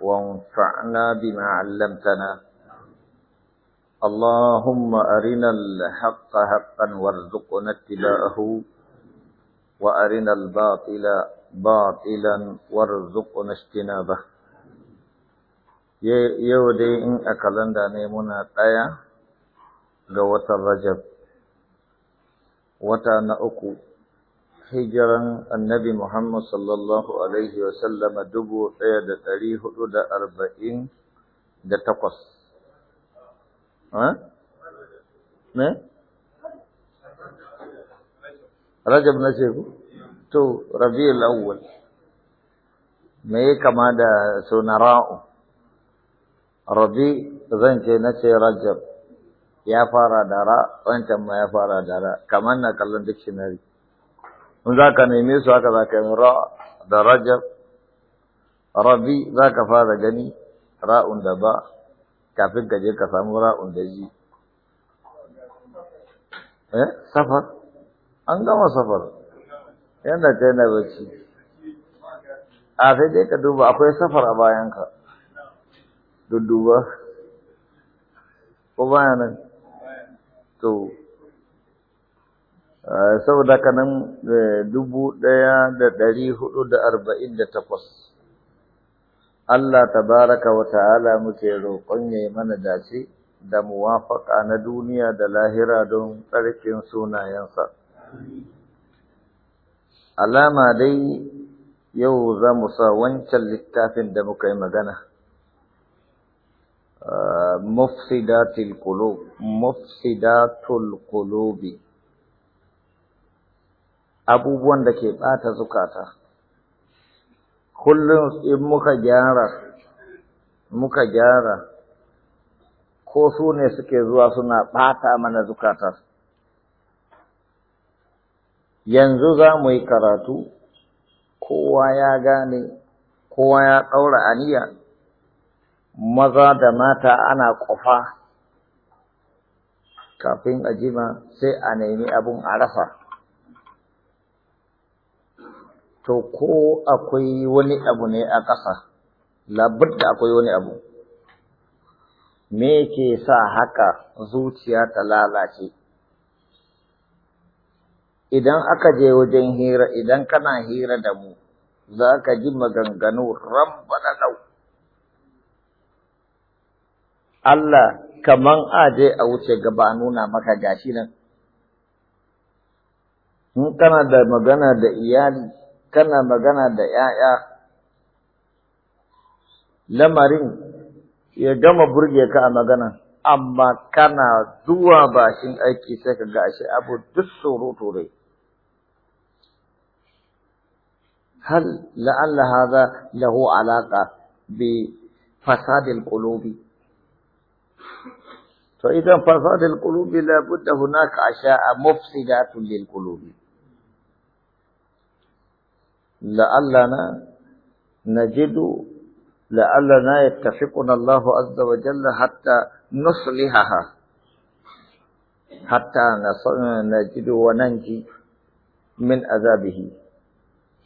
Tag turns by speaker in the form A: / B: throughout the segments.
A: وانفعنا بما علمتنا اللهم أرنا الحق حقا وارزقنا اتباعه وأرنا الباطل باطلا وارزقنا اجتنابه يودي إن أكلنا نيمنا kalanda ne الرجب وتانا أكو هجرا النبي محمد صلى الله عليه وسلم دبو في تاريخ دا أربعين دا تقص ها؟ ما؟ رجب نسيبو تو ربيع الأول ما كما دا سنراء ربيع ذنك نسي رجب يا فارا دارا وانت ما يا فارا دارا كمان نقلن ديكشنري in za ka neme su haka za ka yi ra da rajab rabi za ka fara gani ra'un da ba kafin ka je ka samu ra'un da ji eh safar an gama safar yadda kai na bacci a sai dai ka duba akwai safar a bayanka dudduba ko bayanan to Eh, saboda haka nan eh, dubu ɗaya da ɗari huɗu da arba'in da takwas Allah tabaraka wa ta'ala muke roƙon ya yi mana dace da muwafaƙa na duniya da lahira don tsarkin sunayensa. Alama dai yau za mu sa wancan littafin da muka yi magana. Eh, mufsidatul qulub mufsidatul abubuwan da ke ɓata zukata kullum in muka gyara muka gyara ko su ne suke zuwa suna ɓata mana zukata yanzu za mu yi karatu kowa ya gane kowa ya ɗaura aniya maza da mata ana ƙofa kafin a jima sai a nemi abun a rafa. to ko akwai wani abu ne a ƙasa labudda akwai wani abu me ke sa haka zuciya ta lalace idan aka je wajen hira idan kana hira da mu za ka ji maganganu lau. Allah kaman aje a wuce gaba nuna maka gashi nan in kana da magana da iyali kana magana da ‘ya'ya lamarin ya gama burge ka a magana, amma kana zuwa bashin aiki sai ka gashi abu duk surutu rai. هل لعل هذا له علاقة بفساد القلوب؟ فإذا فساد القلوب لابد هناك أشياء مفسدات للقلوب. لعلنا نجد لعلنا يتفقنا الله عز وجل حتى نصلحها حتى نجد وننجي من عذابه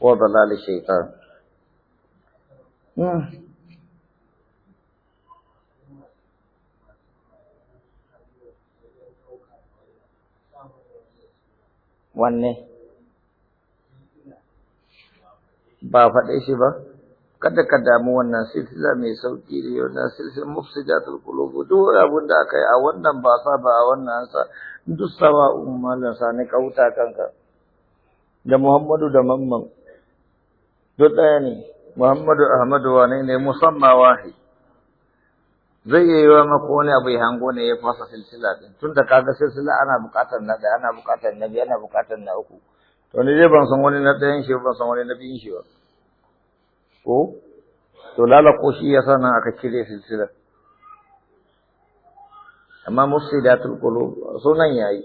A: وضلال الشيطان wanne ba faɗe shi ba kada ka damu wannan silsila mai sauki yau na silsila mufsidatul qulub duk abin da aka yi a wannan ba sa ba a wannan sa duk sawa'un da sa ne kauta kanka da Muhammadu da Mamman duk ɗaya ne Muhammadu Ahmadu wane ne musamma wahi zai iya yiwa maka wani abu ya hango ne ya fasa silsila din tunda kaga silsila ana bukatar na ɗaya ana bukatar na biyu ana bukatar na uku to ni dai ban san wani na ɗayan shi ban san wani na biyun shi ba ko to lalako shi ya nan aka cire silsila. amma da tulkulu sunan nan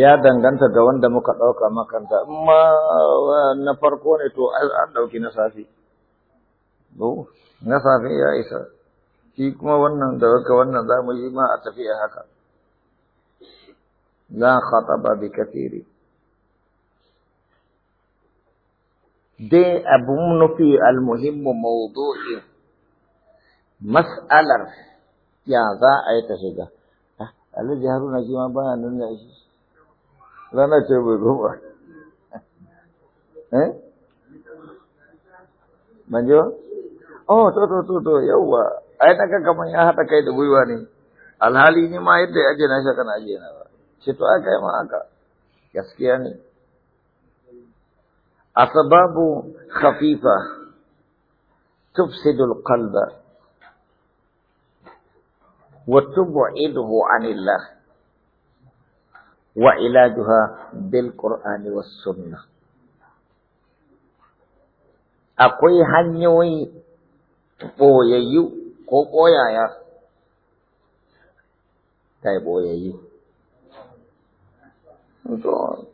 A: ya danganta ga wanda muka ɗauka makanta amma na farko ne to an ɗauki na safi na safi ya isa shi kuma wannan da wannan za mu yi ma a tafiya haka لا خطب بكثير dai abun nufi almuhimmu mawdu'in mas'alar ya za a yi ta shiga alhaji haruna shi baya nuna shi rana ce bai oh to to to to yawwa ai ta ya haɗa kai da gwiwa ne alhali ni ma yadda aje na shaka na na ba Situ to aka yi Ya sekian gaskiya asbabu khafifa tufsidul qalba wa tub'iduhu anillah wa ilajuha bil qur'ani was sunnah akwai hanyoyi ɓoyayyu ko ɓoyaya kai ɓoyayyu to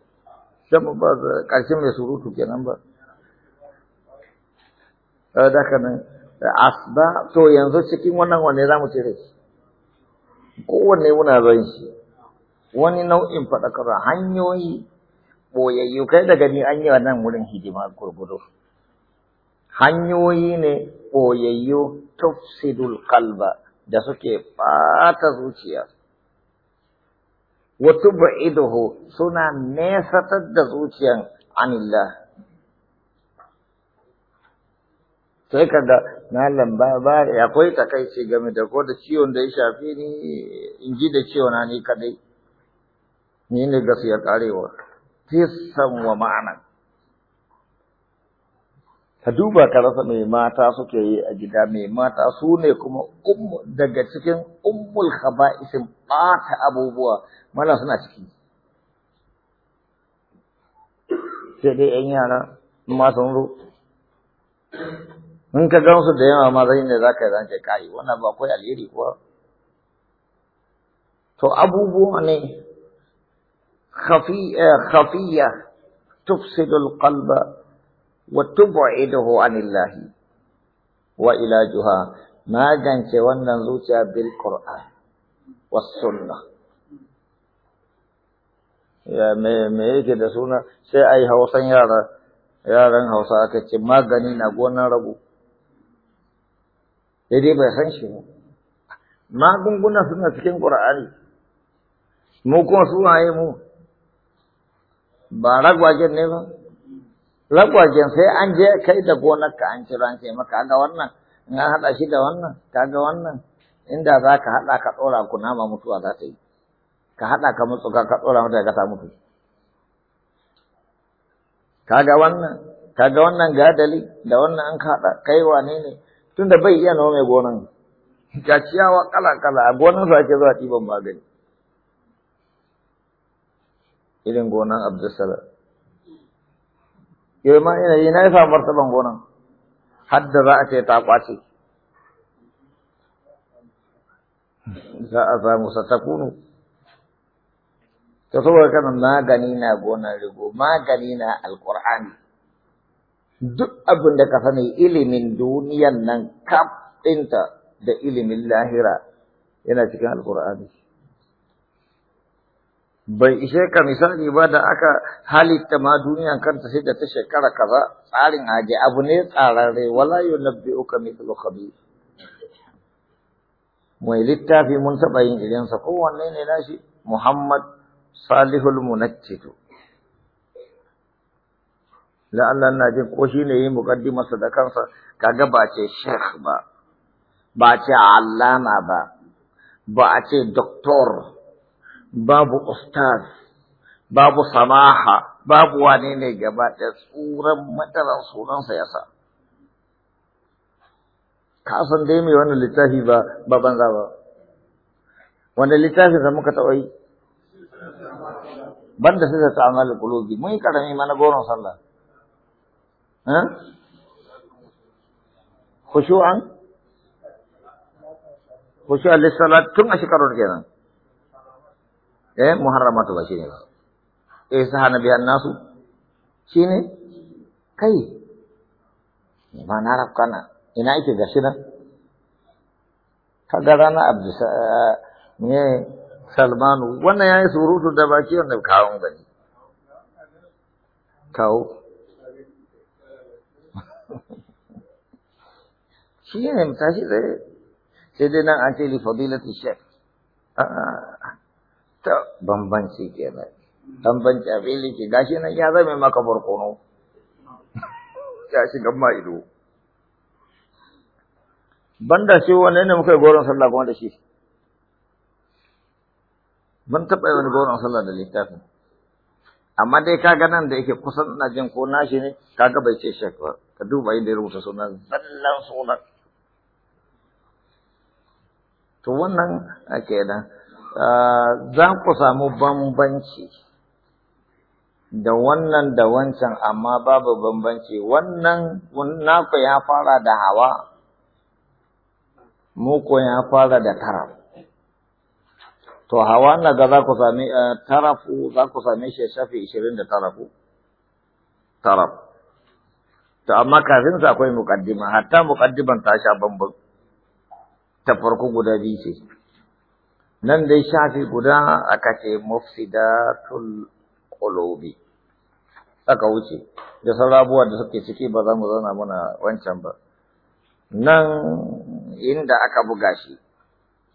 A: jama ba ƙarshen eh, mai surutu eh, kenan ba eh, da asba to yanzu cikin wannan wanne za mu cire shi kowanne muna zan shi wani nau'in faɗakarwa hanyoyi ɓoyayyu kai daga ni an yi wa nan wurin hidima gurgudu hanyoyi ne ɓoyayyu tufsidul kalba da suke fata zuciya ba idaho suna nesatar da zuciyan anilla sai kada malam ba ba akwai takaici game da ko da ciwon da ya shafi ni in ji da ciwon na ni kadai ni ne gaskiya karewa tisan wa ma'ana ka duba ka rasa mai mata suke yi a gida mai mata su ne kuma daga cikin ummul khaba'isin ɓata abubuwa mana suna ciki sai dai yan yara ma ka gan su da yawa ma zai ne za ka yi zance kayi wannan ba kawai alheri kuwa to abubuwa ne eh, khafiya tufsidu alqalba wa tub'iduhu anillahi wa ila juha magance wannan zuciya bil qur'an was me yake da suna sai ai hausan yara yaran hausa aka ce magani na gonar rabu dai bai san shi ba magunguna suna cikin qur'ani mu kuma ai mu ba ragwajen ne ba ragwajen sai an je kai da ka an kira an ce maka ga wannan in an haɗa shi da wannan kaga wannan inda za ka haɗa ka ɗora kunama mutuwa za ta yi ka haɗa ka mutsuka ka ɗora mata ka ta mutu kaga wannan kaga wannan gadali da wannan an haɗa kai wane ne tunda bai iya mai gonan ga ciyawa kala kala a gonan sa ake zuwa ba magani irin gonan Abdulsalam yau ma ina yi na yi samu martaban gonan har da za a ce ta kwace za a samu kunu. ka saboda kana magani na gonar rigo magani na alkur'ani duk abin da ka sani ilimin duniyan nan kaf ɗinta da ilimin lahira yana cikin alkur'ani bai ishe ka misali ba da aka halitta ma duniyan kanta sai da ta shekara kaza tsarin haje abu ne tsararre wala yunabbi'uka mithlu khabir mai littafi mun taɓa yin irinsa kowanne ne nashi Muhammad salihul munajjidu la'allan na jin ko shi ne yi mukaddimarsa da kansa kaga ba ce sheikh ba ba ce allama ba ba a ce doktor babu ustaz babu samaha babu wane ne gaba da tsuran madaran sunansa ya sa ka san dai mai wannan littafi ba ba banza ba wani littafin da muka taɓa yi banda sai da ta'amal kulubi mun kada karami mana goron sallah eh khushu'an khushu'an lis salat tun a shekarun kenan eh muharramatu ba shine ba eh sa hanabi annasu shine kai ma na kana ina yake gashi nan kaga rana abdus ne salmanu wannan ya yi surutu da baki wanda kawon gani kawo shi ne tashi tsaye sai dai nan an ce li fadilati shek ah, ta bambanci kenan bambanci a fili ce gashi nan ya zame maka barkono ya shi gamma ido banda shi wannan ne muka yi goron sallah kuma da shi mun taɓa yi wani goron sallah da littafin amma dai ka ga nan da yake kusan ina jin ko nashi ne ka ga bai ce shek ba ka duba inda ya rubuta sunan zallan sunan to wannan ake da, ah, za ku samu bambanci da wannan da wancan amma babu bambanci wannan naku ya fara da hawa muku ya fara da taraf to hawa naga za ku sami eh, tarafu za ku same shi shafi ishirin da tarafu taraf to amma kafin sa akwai muƙaddima, hatta muqaddiman ta sha bambam ta farko guda biyu ce nan dai shafi guda aka ce mufsidatul qulubi aka wuce da sauran da suke ciki ba za mu zauna mana wancan ba nan inda aka buga shi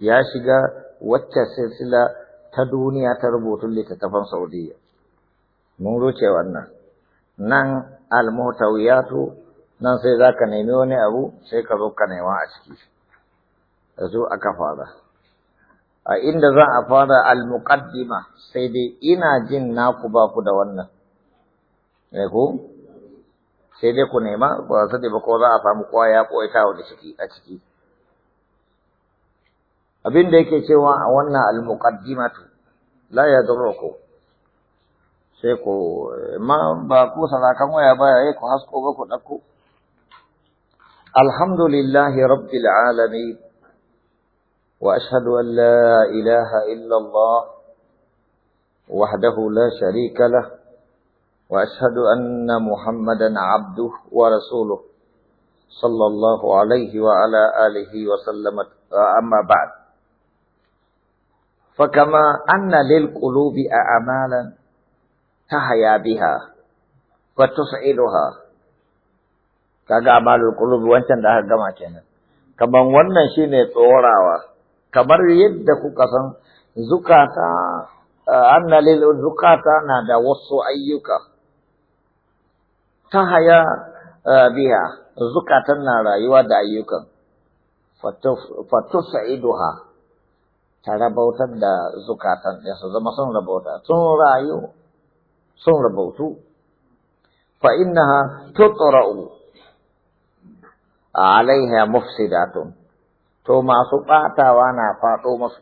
A: ya shiga wacce silsila ta duniya ta rubutun littattafan Saudiya. Mun ruce wannan. Nan almuhtawiyatu nan sai za ka nemi wani abu sai ka zo ka nema a ciki. Da zo aka fara. A inda za a fara almuqaddima sai dai ina jin naku ba ku da wannan. Ne eh ko? Sai dai ku nema ba sadi ba ko za a samu kwaya ko ita wani ciki a ciki. abin da yake cewa a wannan al-muqaddimatu la yadurruku sai ko ma ba ku sadakan waya ba yayi ku hasko ba ku dauko alhamdulillahi rabbil alamin wa ashhadu an la ilaha illa allah wahdahu la sharika lah wa ashhadu anna muhammadan abduhu wa rasuluhu sallallahu alaihi wa ala alihi wa sallam amma ba'd Kama annanlil ƙulubi a Amalan ta biha, fatto sa'iduwa. Ta ga Amalan wancan da aka gama kenan Kama wannan shi tsorawa, kamar yadda kuka san zukata annanlil zukata na da wasu ayyukan. Ta biha, zukata na rayuwa da ayyukan. Fatto sa'iduwa. ta rabautar da zukatan ɗin su zama sun rabauta sun rayu sun rabautu fa innaha tutra'u alaiha mufsidatun to masu batawa na faɗo masu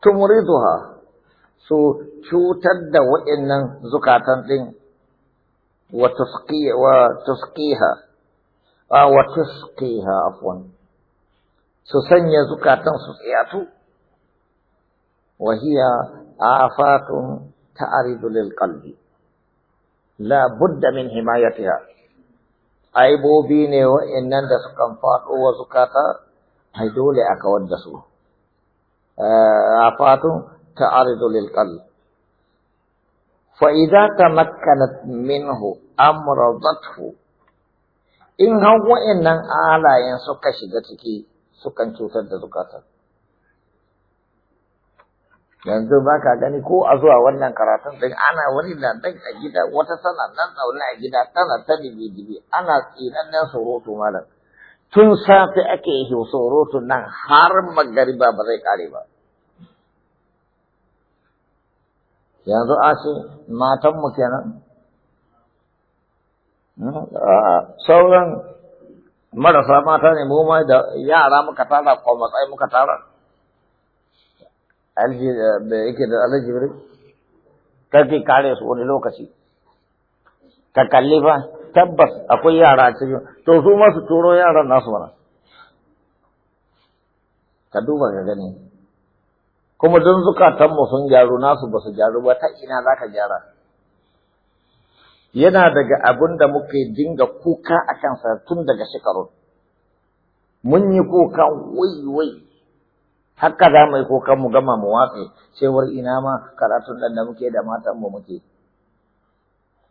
A: tumuriduha su cutar da waɗannan zukatan ɗin wa tuskiha. wa tusqiha afwan su sanya zukatan su tsayatu wa hiya afatun ta'ridu lil qalbi la budda min himayatiha aibobi ne wa'annan da sukan faɗo wa zukata ai dole a kawar da su eh, afatun ta'ridu lil qalbi fa idza tamakkanat minhu amradathu in har wa'annan alayen suka shiga ciki sukan cutar da zukatar. yanzu ba ka gani ko a zuwa wannan karatun din ana wani na a gida wata sana nan zaune a gida tana ta dibi ana tsinannen sauroto malam tun safe ake yi surutu nan har magariba ba zai kare ba yanzu a ce matanmu kenan hmm? sauran marasa mata ne mu ma da yara muka tara ko matsayi muka tara alji da eh, yake da alji kake kare su wani lokaci ka kalli fa tabbas akwai yara a cikin to su ma su turo yaran nasu mana ka duba ka gani kuma don zukatanmu sun gyaru nasu ba su gyaru ba ta ina za ka gyara yana daga abin da muka dinga kuka a kansa tun daga shekarun. Mun yi kuka wai-wai, haka za mu yi kuka mu gama mu watsa cewar ina ma karatun nan da muke da matan mu muke.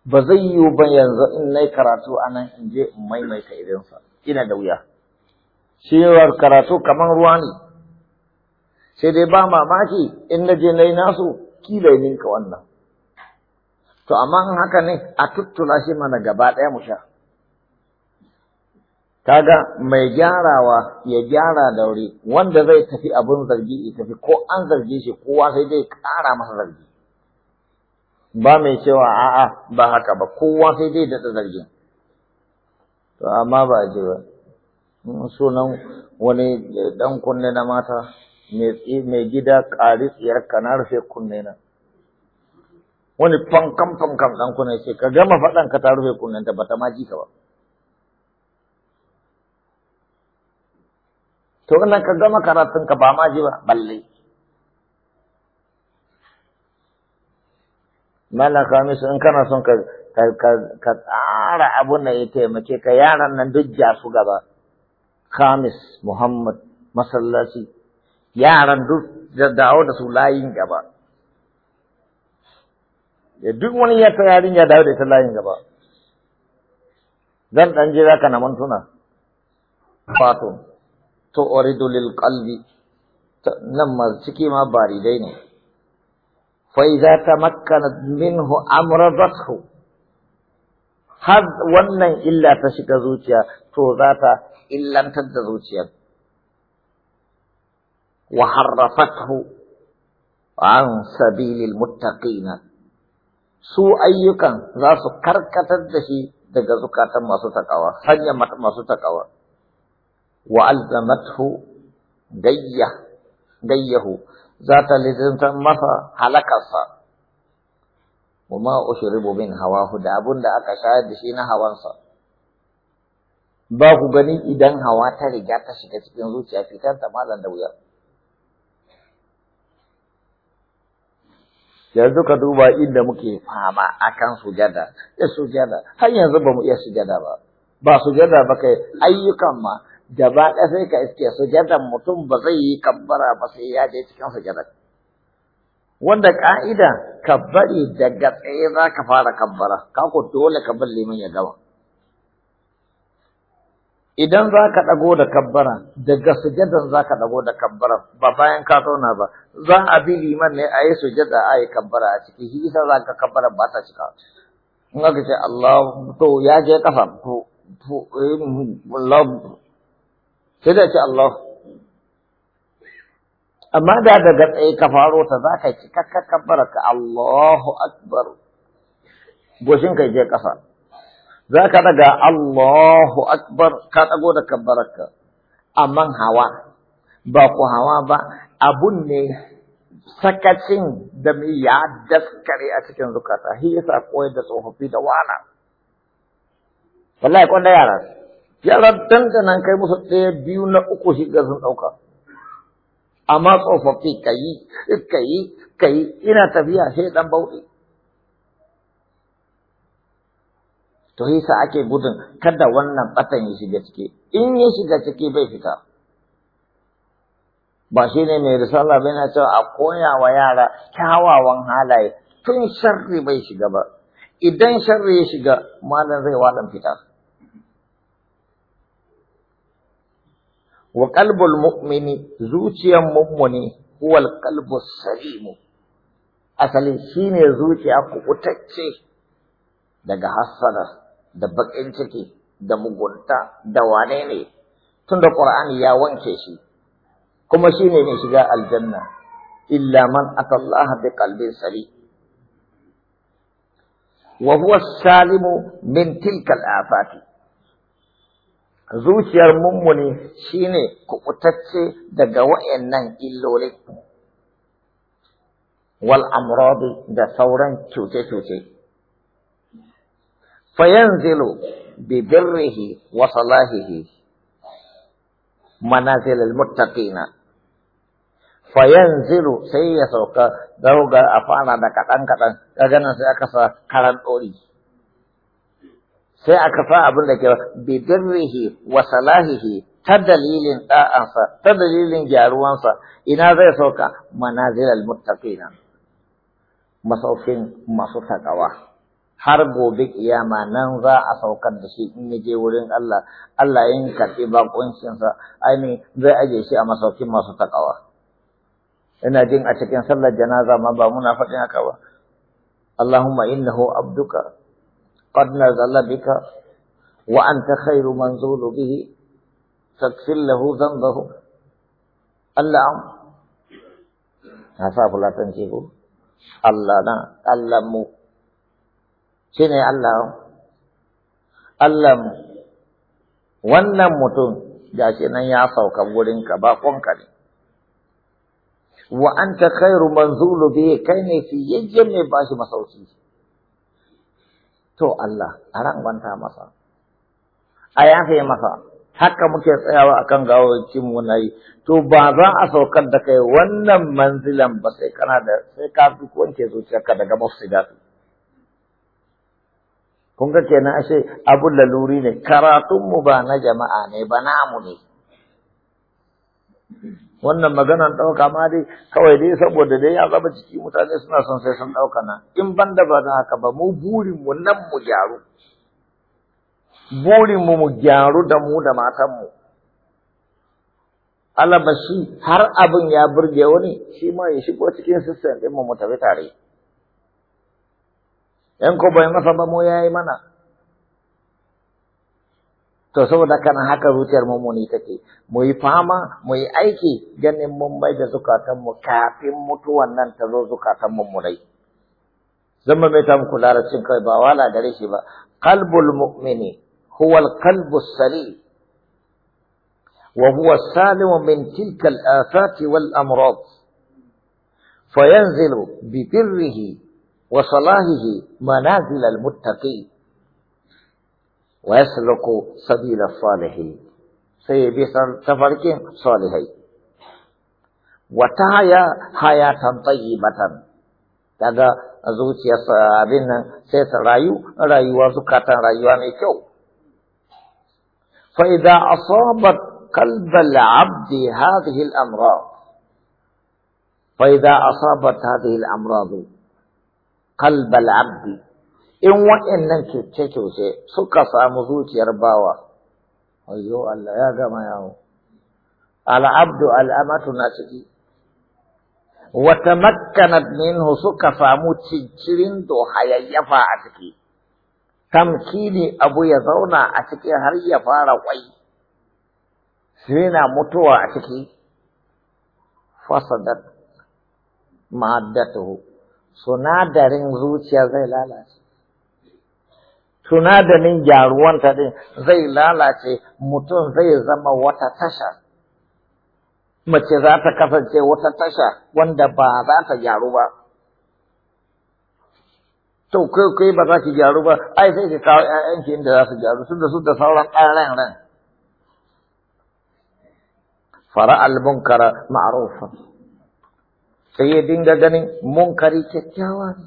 A: Ba zai yiwu ba yanzu in na karatu anan nan in je in maimaita irinsa, ina da wuya. Cewar karatu kamar ruwa ne, sai dai ba mamaki in na je na yi nasu kila ninka wannan. To amma haka ne a tuttula shi mana gaba ɗaya mu sha. Kaga mai gyarawa ya gyara da wuri wanda zai tafi abin zargi ya tafi ko an zargi shi kowa sai dai ƙara masa zargi. Ba mai cewa a'a ba haka ba kowa sai dai daɗa zargin. To amma ba ji ba. Sunan wani dan kunne na mata mai gida ƙari tsiyar ka na rufe kunne na. wani fankan fankan ɗan kuna ce ka gama faɗan ka ta rufe kunnanta ba ta ma ji ka ba to wannan ka gama karatun ka ba ma ji ba balle Malam Kamisu in kana son ka ka tsara abun da ya taimake ka yaran nan duk ja su gaba. Khamis Muhammad masallaci yaran duk da dawo da su layin gaba. da duk wani ya tararin ya dawo da ita layin gaba zan dan jira ka na mantuna fatun to uridu lil qalbi nan ma ciki ma baridai ne fa idza tamakkanat minhu amradathu har wannan illa ta shiga zuciya to za ta illantar da zuciyar wa harrafathu an sabilil muttaqina su ayyukan za su karkatar da shi daga zukatan masu takawa sanya masu takawa wa alzamathu gayya gayyahu za ta lizinta masa halakarsa wa ma ushribu min hawahu da abun da aka shayar da shi na hawansa ba ku gani idan hawa ta riga ta shiga cikin zuciya fitar ta malan da wuyar? yanzu ka duba inda muke fama akan sujada ya sujada har yanzu ba mu iya sujada ba ba sujada ba kai ayyukan ma gaba ɗaya sai ka iske sujadan mutum ba zai yi kabbara ba sai ya je cikin sujada wanda ka'ida bari daga tsaye za ka fara kabbara kako dole ka bar liman ya gama idan za ka ɗago da kabbara daga sujadar za ka ɗago da kabbara ba bayan ka zauna ba za a bi liman ne a yi sujada a yi kabbara a ciki shi isa za ka kabbara ba ta cika in aka ce Allah to ya je kafa to eh, Allah sai da ce Allah amma da daga tsaye ka faro ta za ka cika kabbara ka Allahu akbar goshin ka je kafa za ka daga Allahu Akbar ka ɗago da kabbararka, amma hawa, ba ku hawa ba, abun ne sakacin da mai ya daskare a cikin zukata, shi yasa koyar da tsofaffi da wala. Wallahi kwanda yara, yara dandanan kai musu ɗaya biyu na uku shi ga sun ɗauka. Amma tsofaffi ka yi, ka yi, ka yi, ina tafiya sai ɗan bauɗi. to yasa ake gudun kada wannan batan ya shiga ciki in ya shiga ciki bai fita ba shi ne mai risala bai na cewa a koya wa yara kyawawan halaye tun sharri bai shiga ba idan sharri ya shiga malam zai wadan fita wa qalbul mu'mini zuciyan mu'mini huwa al-qalbu salimu asali shine zuciya kubutacce daga hasada da baƙin ciki da mugunta da wane ne tunda Qur'ani ya wanke shi kuma shi ne mai shiga aljanna illa man atallaha bi qalbin salim wa huwa salimu min tilka al zuciyar mummuni shine kubutacce daga wayannan illolin wal amradi da sauran cuce-cuce fayanzilu bi birrihi wa salahihi manazil al-muttaqina fayanzilu sai ya sauka dauga a fara da kaɗan kaɗan kaga nan sai aka sa karan ɗori sai aka sa abin da ke bi birrihi wa salahihi ta dalilin ɗa'ansa ta dalilin gyaruwansa ina zai sauka manazil al-muttaqina masaukin masu takawa har gobe kiyama nan za a saukar da shi in je wurin Allah Allah yin karɓi bakuncinsa aini zai aje shi a masaukin masu takawa ina jin a cikin sallar janaza ma ba muna faɗin haka ba Allahumma innahu abduka qad nazala bika wa anta khairu manzulu bihi faghfir lahu dhanbahu Allah am na sa fulatanci ko Allah na Allah mu shi ne Allah Allah wannan mutum da shi nan ya sauka wurin ba ƙonka ne wa kai khairu manzulu biye kai ne yajje mai bashi masauki to Allah a rangwanta masa a yafe masa haka muke tsayawa akan gawawakin mu nayi to ba za a saukar da kai wannan manzilan ba sai kana da sai ka fi wanke zuciyarka daga mafsidatu kun ga kenan ashe abun laluri ne karatunmu ba na jama'a ne ba namu ne wannan maganan ɗauka ma dai kawai dai saboda dai ya zama ciki, mutane suna son sai sun ɗauka na. in ban da ba haka ba mu burinmu nan mu gyaru burinmu mu gyaru da mu da matanmu alabashi har abin ya burge wani shi ma ya shigo cikin sistem ɗinmu mu mu tafi tare Yan ko bai masa ba mu ya yi mana to saboda kana haka zuciyar mummuni take mu yi fama mu yi aiki ganin mun da zukatan mu kafin mutuwan nan ta zo zukatan mummunai zan mai ta muku larabcin kai ba wala gare shi ba kalbul mu'mini huwal kalbus sari, sali wa huwa Salimu min tilkal asati wal amrad fayanzilu bi وصلاحه منازل المتقي ويسلك سبيل الصالحين سيبيسا تفركين صالحين وتعيا حياة طيبة تدا زوج يسابين سيس رايو رايو وزكاة رايو الكو فإذا أصابت قلب العبد هذه الأمراض فإذا أصابت هذه الأمراض Kalbal abdi in wa'annan cuce-cuce suka samu zuciyar bawa ayyo Allah ya gama yawo al'abdu al'amatu na ciki wa tamakkanat minhu suka samu cincirin do hayayyafa a ciki tamkini abu ya zauna a ciki har ya fara kwai sai na mutuwa a ciki fasadat mahaddatuhu sunadarin zuciya zai lalace sunadarin gyaruwanta din zai lalace mutum zai zama wata tasha mace za ta kasance wata tasha wanda ba za ta gyaru ba to kai kai ba za ki gyaru ba ai sai ki kawo ƴaƴanki inda za su gyaru su da su da sauran ɗan ran fara al-munkara sai ya dinga ganin munkari kyakkyawa ne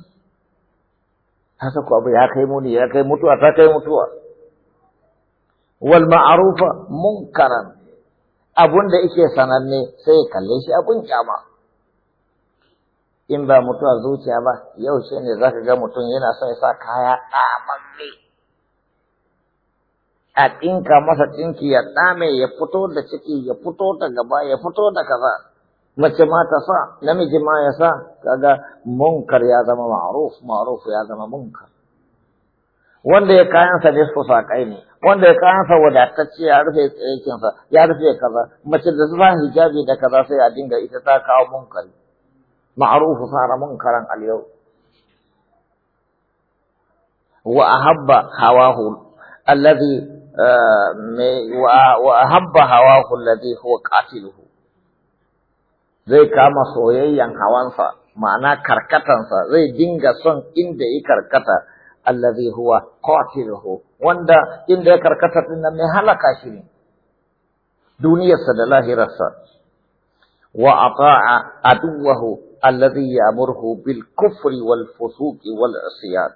A: Ta sako abu ya kai muni ya kai mutuwa ta kai mutuwa wal ma'arufa munkaran abun da yake sananne sai ya kalle shi abun kyama in ba mutuwa zuciya ba yau shi ne za ka ga mutum yana son ya sa kaya ƙamamme a ɗinka masa ɗinki ya ɗame ya fito da ciki ya fito da gaba ya fito da kaza mace ma ta sa namiji ma ya sa kaga munkar ya zama ma'ruf ma'ruf ya zama munkar wanda ya kayansa nisfu saƙai ne wanda ya kayansa wadatacce ya rufe eh, tsayakinsa ya rufe kaza mace da zuba hijabi da kaza sai a dinga ita ta kawo munkari Ma'arufu sara munkaran al yau wa ahabba hawahu alladhi eh, wa ahabba hawahu alladhi huwa qatiluhu zai kama soyayyan hawansa ma'ana karkatansa zai dinga son inda ya karkata allazi huwa qatiluhu wanda inda ya karkata din nan mai halaka shi ne duniyarsa da lahirarsa wa ata'a aduwahu allazi ya'murhu bil kufri wal fusuqi wal isyan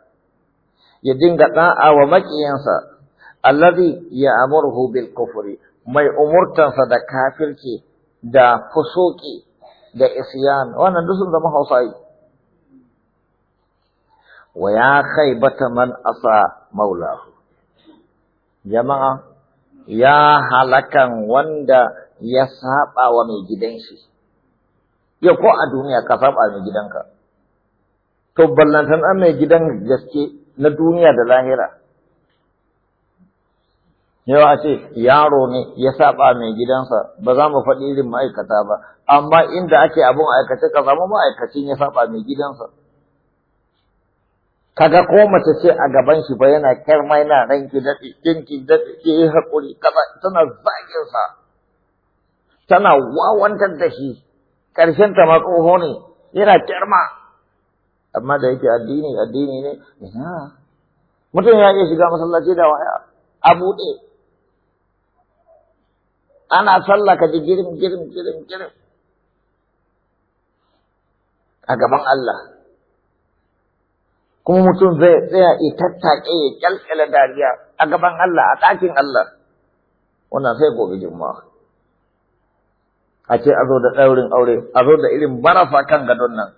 A: ya dinga da'a wa makiyansa allazi ya'murhu bil kufri mai umurtansa da kafirci da fusuki da isyan wannan duk sun zama hausayi wa ya bata man asa maulahu jama'a ya halakan wanda ya saba wa mai gidan shi ya ko a duniya ka saba mai gidanka to ballantan an mai gidan gaske na duniya da lahira Yau ce yaro ne ya saba mai gidansa ba za mu faɗi irin ma'aikata ba, amma inda ake abin aikace ka zama ma'aikacin ya saba mai gidansa.
B: Kaga ko mace ce
A: a gaban shi ba yana kyarma yana ranki daɗi, ɗinki daɗi, ke yi haƙuri, kaza tana zaginsa, tana wawantar da shi, ƙarshen ta ma tsoho ne, yana ma. Amma da yake addini, addini ne, Mutum ya iya shiga masallaci da waya, a buɗe, ana sallah ka ji girim girim girim girim a gaban Allah kuma mutum zai tsaya ya tattake ya kyalkyala dariya a gaban Allah a ɗakin Allah wannan sai gobe juma'a a ce a zo da ɗaurin aure a zo da irin barafa kan gadon nan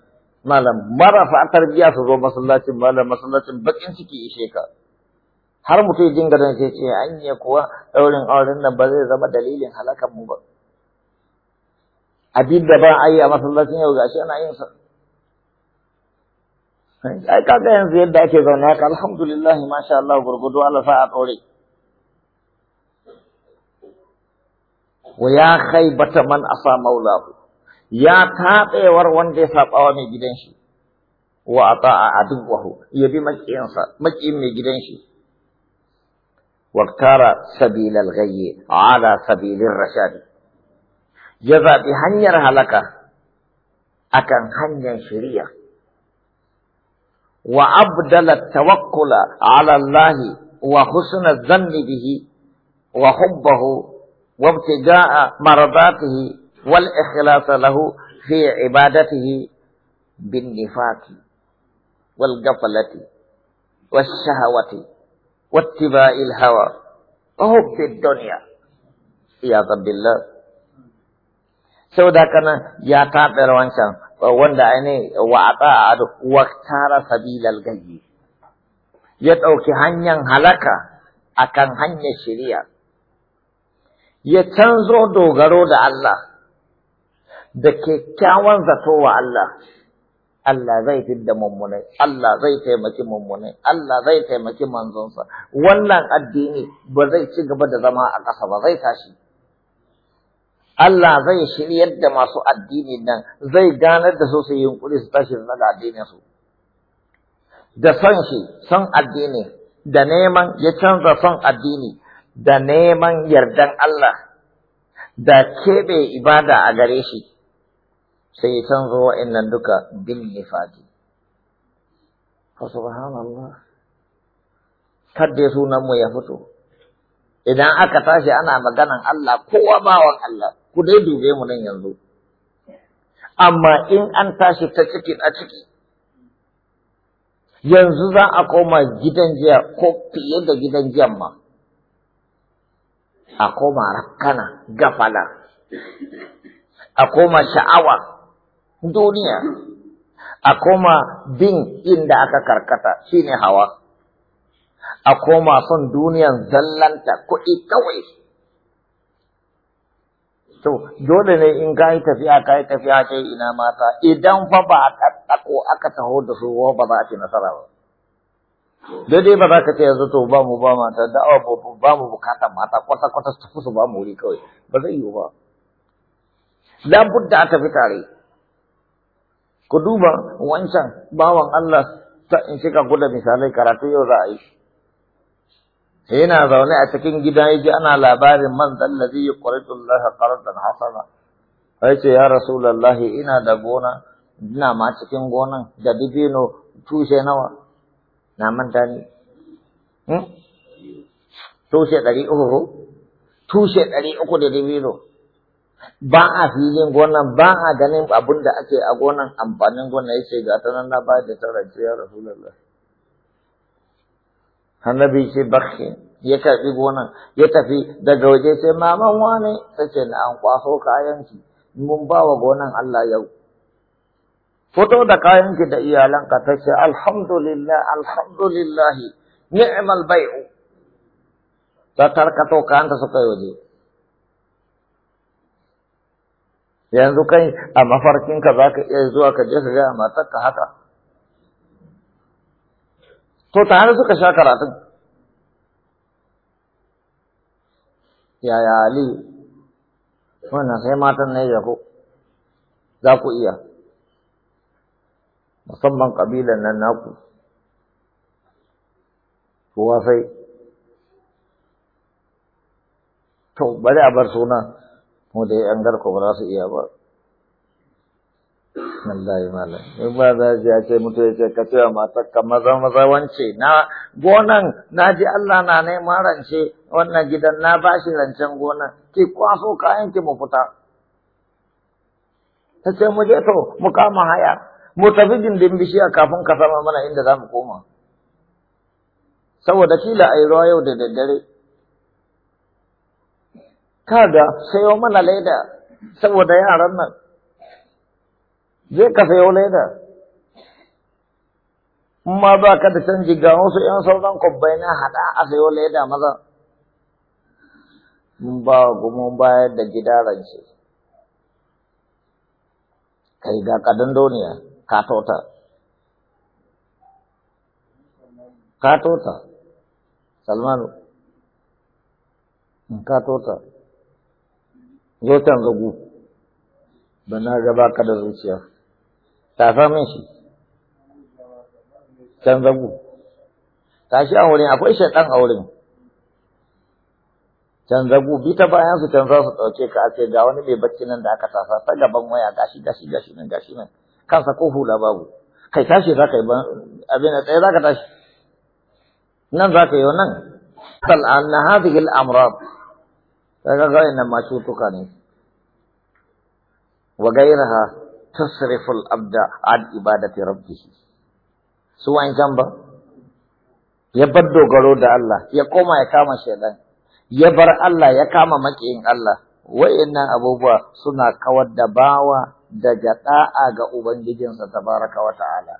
A: malam barafa a tarbiyya su zo masallacin malam masallacin bakin ciki ishe ka har mutum ya dinga da ce an yi kuwa ɗaurin auren nan ba zai zama dalilin halakar mu ba abin da ba a yi a masallacin yau gashi ana yin sa ai kaga yanzu yadda ake zaune haka alhamdulillah masha Allah gurgudu Allah sa a ɗore wa ya khaibata man asa maulahu ya taɓewar wanda ya saba wa mai gidan shi wa ata a aduwahu ya bi maƙiyinsa maƙiyin mai gidan shi واختار سبيل الغي على سبيل الرشاد جزا بهنير هلكة أكن هنيا شريعة وأبدل التوكل على الله وحسن الظن به وحبه وابتداء مرضاته والإخلاص له في عبادته بالنفاق والغفلة والشهوة wattiba'il hawa وحب الدنيا عياذا بالله sau da kana ya taɓa wancan wanda ne wa a wa tara sabilal gayyi ya ɗauki hanyar halaka akan hanyar shari'a ya canzo dogaro da Allah da kyakkyawan zato wa Allah Allah zai fidda mummunai, Allah zai taimaki mummunai, Allah zai taimaki manzonsa. Wannan addini ba zai ci gaba da zama a ƙasa ba zai tashi. Allah zai shiryar da masu addini nan, zai ganar da su su yi yunƙuri su tashi daga addinin su. Da son shi, son addini, da neman ya canza son addini, da neman yardan Allah, da keɓe ibada a gare shi. sai can zo nan duka bin nifaqi fa subhanallah kadde sunan mu ya fito idan aka tashi ana maganan Allah kowa bawan Allah ku dai dube mu nan yanzu amma in an tashi ta ciki a ciki yanzu za a koma gidan jiya ko fiye da gidan jiyan ma a koma rakkana gafala a koma sha'awa duniya a koma bin inda aka karkata shine hawa a koma son duniyan zallanta kuɗi kawai to dole ne in ka yi tafiya ka yi tafiya ce ina mata idan fa ba a tsako aka taho da su ba za a ci nasara ba dai ba za ka ce yanzu to ba mu ba mata da ba mu bukatar mata kwata kwata su tafi su ba mu wuri kawai ba zai yiwu ba labudda aka fi tare Ku duba wancan bawan Allah ta in cika ku da misalai karatu yau za a yi. Yana zaune a cikin gida ya ji ana labarin man zallazi ya ƙwaritu Allah karatun hasana. Sai ce ya Rasulallah ina da gona, ina ma cikin gonan da dibino tushe nawa, na manta ne hmm? Tushe ɗari uku, tushe ɗari uku da dibino. ba a filin gonan ba a ganin abun da ake a gonan amfanin gonan ce ga ta nan na ba da ta ya ya rasulullah annabi ce bakhi ya karɓi gonan ya tafi daga waje sai maman wane ce na an kwaso kayan mun ba wa gonan Allah yau Foto da kayan ki da iyalanka ce alhamdulillah alhamdulillah ni'mal bai'u ta tarkato kanta suka yi waje yanzu kai a mafarkinka za ka iya zuwa ka je ka gaya matarka haka to ta hannu suka sha karatun yaya ali wannan sai matan na yi za ku iya musamman ƙabilan nan naku kowa sai to bari a bar suna mu dai an garko ba za su iya ba wallahi malam in ba za ya ce mutu ya ce ka ce wa matar ka maza maza wance na gonan na ji Allah na nema rance wannan gidan na ba shi rancen gonan ki kwaso kayan ki mu fita ta ce mu je to mu kama haya mu tafi dindin bishiya kafin ka sama mana inda za mu koma saboda kila a yi yau da daddare sai sayo mana leda saboda yaran nan zai ka sayo leda in ma ba ka da canji ga wasu ‘yan sauran kwabbai na haɗa a sayo leda maza mun ba gumin bayar da gida ranci kai ga ƙadan duniya ka tota ka tota salmanu ka tota zo zagu da na gaba ka da zuciya tafa min shi can zagu tashi a wurin akwai shaidan a wurin can zagu bi ta bayan su can za su ɗauke ka a ce ga wani mai bacci nan da aka tafa ta gaban waya gashi gashi gashi nan gashi nan kansa ko hula babu kai tashi za ka yi abin da tsaye za ka tashi nan za ka yi nan sal'an na hadhihi al-amrad kaga ga wannan ma cutuka ne wa gairaha tusrifu abda ad ibadati rabbih su wa'in can ba ya bar dogaro da Allah ya koma ya kama shaidan ya bar Allah ya kama makiyin Allah Wayannan abubuwa suna kawar da bawa daga da'a ga ubangijinsa tabaraka wa ta'ala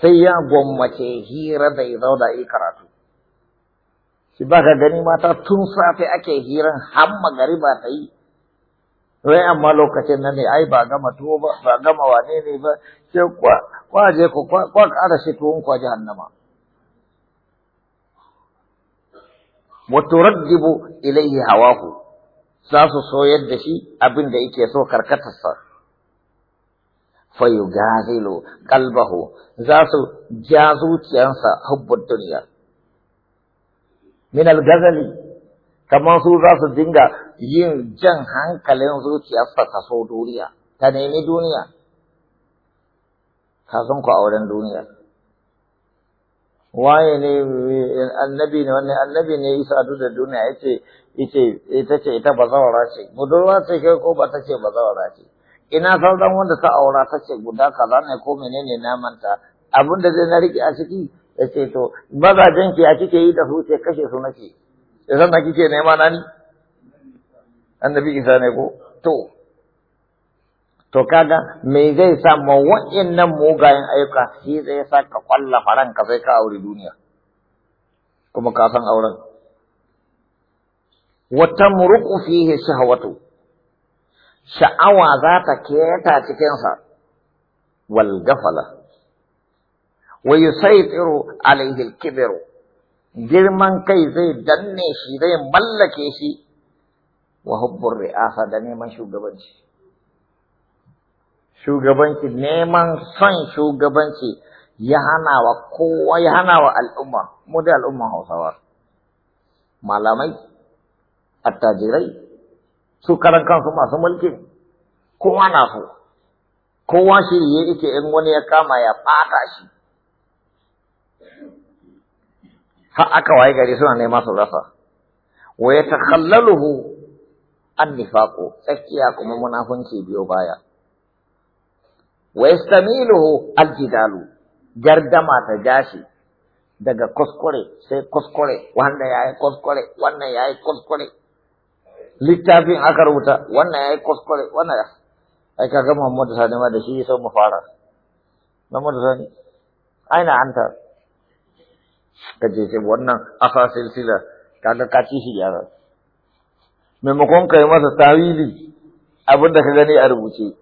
A: sai ya gwammace hira da ya zauna yi karatu shi ba ka gani mata tun safe ake hiran gari ba ta yi wai amma lokacin nan ne ai ba gama tuwo ba ba gama wane ne ba sai kwa kwa je ku kwa kwa ƙara shi tuwon kwa jahannama wa turaddibu ilaihi hawahu za su so yadda shi abin da yake so karkatarsa fa yugazilu qalbahu za su ja zuciyarsa hubbud duniya min al-gazali kamar su za su dinga yin jan hankalin zuciyarsa ta so duniya ta nemi duniya ka san ku a wurin duniya waye ne annabi ne wannan annabi ne isa da duniya yace yace ita ce ita bazawara ce budurwa ce kai ko ba ta ce bazawara ce ina dan wanda ta aura ta ce guda kaza ne ko menene namanta manta abin da zai na rike a ciki ya ce to mazajen ki ya kike yi da su ce kashe su nake san na kike nema na ni annabi isa ne ko to to kaga me zai sa ma wa'annan mugayen ayyuka shi zai sa ka kwalla faranka sai ka aure duniya kuma ka san auren wata tamruqu fihi shahwatu sha'awa za ta keta cikinsa wal gafala wa yusaytiru alayhi al-kibru girman kai zai danne shi zai mallake shi wa hubbur ri'asa da neman shugabanci shugabanci neman son shugabanci ya hana wa kowa ya hana wa al'umma mu da al'umma Hausawa malamai attajirai su karan kansu masu mulkin kowa na so kowa shi yake in wani ya kama ya fata shi har aka waye gari suna nema su rasa wa ya takhallaluhu nifaqu tsakiya kuma munafunci biyo baya wa yastamiluhu aljidalu gardama ta jashi. daga kuskure sai kuskure wanda yayi kuskure wannan yayi kuskure littafin aka rubuta wannan yayi kuskure wannan ai kaga Muhammadu Sani ma da shi sai mu fara Muhammadu Sani aina anta ka je wannan asa silsila kaga ka ci shi gyara maimakon ka yi masa tawili abin da ka gani a rubuce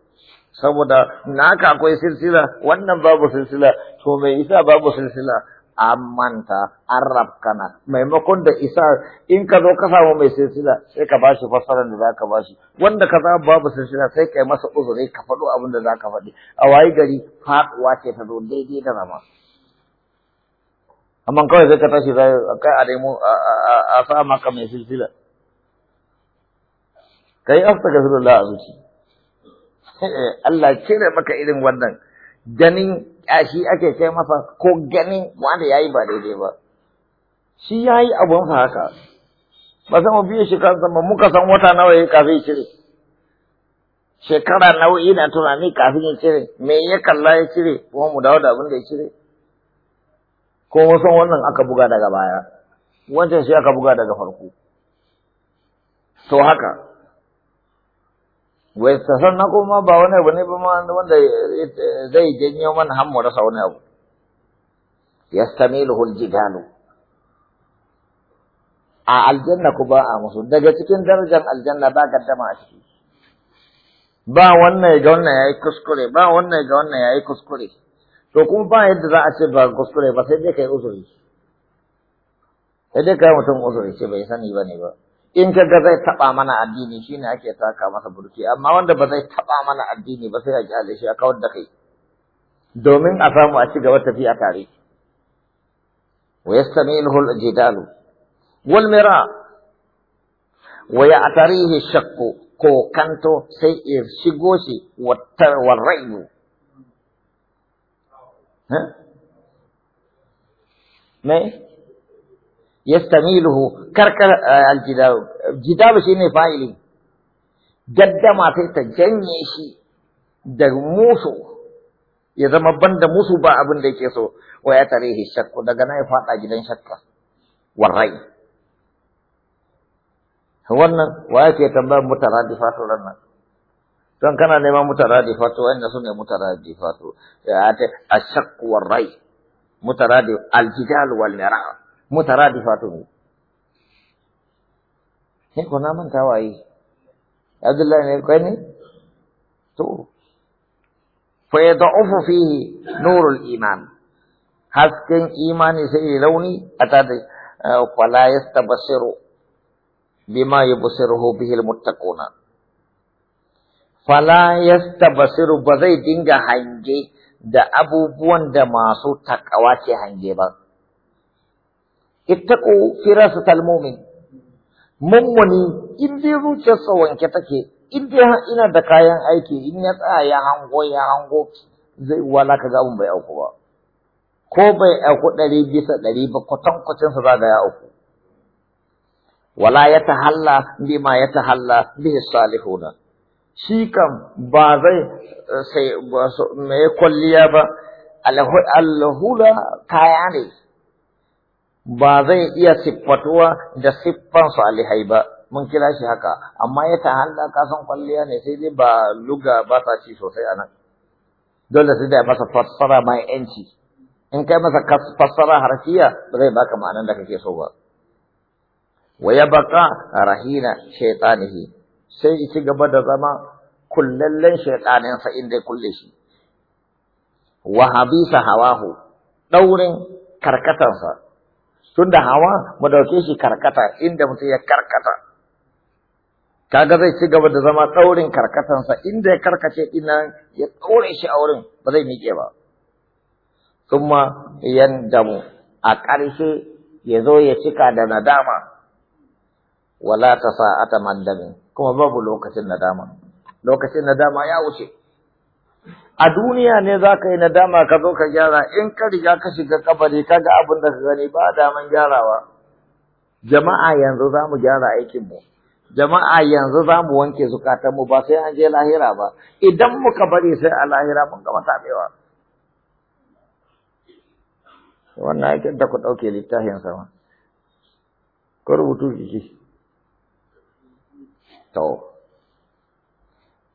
A: saboda naka akwai silsila wannan babu silsila to mai isa babu silsila an manta an rafkana maimakon da isa in ka zo ka samu mai silsila sai ka bashi fassarar da za ka bashi wanda ka za babu silsila sai ka yi masa uzuri ka faɗo abin da za ka faɗi a wayi gari faɗuwa ce ta zo daidai da zama amma kawai kata ka tashi kai a nemo a sa maka mai silsila kai astaghfirullah a zuci Allah cire maka irin wannan ganin shi ake kai masa ko ganin wanda yi ba daidai ba shi yayi abun fa haka ba san mu biye shi san ba muka san wata nawa yayi kafin cire shekara nau'i na tunani kafin ya cire me ya kalla ya cire kuma mu dawo da abin da ya cire ko wasan wannan aka buga daga baya wancan shi aka buga daga farko to haka wai na kuma ba wani abu ne ba wanda zai janyo mana hammu rasa wani abu hul jidalu a aljanna ku ba a musu daga cikin darajar aljanna ba gaddama a ciki ba wannan ga wannan yayi kuskure ba wannan ga wannan yayi kuskure to kuma ba yadda za a ce ba kuskure ba sai dai kai uzuri sai dai kai mutum uzuri ce bai sani ba ne ba in ka ga zai taɓa mana addini shine ake taka masa burki amma wanda ba zai taɓa mana addini ba sai a kyale shi a kawar da kai domin a samu a ci gaba tafiya tare wa yastamilu al-jidalu wal mira wa ya'tarihi shaqqu ko kanto sai ir shigo shi wa rayu me yastamiluhu karkar eh, aljidab jidab shine fa'ili gaddama ta janye shi da musu ya zama banda musu ba abin da yake so wa ya tarihi shakku daga nan ya gidan shakka warai wannan wa yake tambayar mutaradifa to nan don kana neman mutaradifatu wanda su ne mutaradifatu ya ate ashaq war rai mutaradi aljidal wal mira mutaradifatu ne ne ko na man tawai Abdullahi ne ko ne to fa yad'ufu fihi nurul iman hasken imani sai launi a tada wala yastabsiru bima yubsiruhu bihil muttaquna fala basiru ba zai dinga hange da abubuwan da masu takawa ke hange ba Ittaku firasatal mu'min mummuni in dai zuciyarsa wanke take in dai ina da kayan aiki in ya tsaya ya hango ya hango zai wala kaga abun bai auku ba ko bai auku ɗari bisa ɗari ba kwatankwacin sa zaga ya auku wala ya tahalla bima ya tahalla bihi salihuna shi kam ba zai eh, sai mai kwalliya ba alhula kaya ne ba zai iya siffatuwa da siffan salihai ba mun kira shi haka amma ya ta'alla kasan kwalliya ne sai dai ba luga ba ta ci sosai a nan dole sai da masa fassara mai yanci in kai masa fassara harfiya ba zai baka ma'anar da kake so ba wa ya baka rahina shaitanihi sai ya ci gaba da zama kullallen shaiɗaninsa inda ya kulle shi wa habisa hawahu ɗaurin karkatansa tunda hawa mu dauke shi karkata inda mutum ya karkata kaga zai ci gaba da zama ɗaurin karkatansa inda ya karkace ina ya ɗaure shi a wurin ba zai miƙe ba kuma yan damu a ƙarshe ya zo ya cika da nadama wala ta sa'ata mandamin kuma babu lokacin nadama lokacin nadama ya wuce a duniya ne za ka yi nadama ka zo ka gyara in ka riga ka shiga kabari ka ga abin da ka gani ba daman gyarawa jama'a yanzu za mu gyara aikinmu jama'a yanzu za mu wanke zukatanmu ba sai an je lahira ba idan muka bari sai a lahira mun gama tabewa wannan aikin da ku ɗauke littafin sama ko rubutu jiki to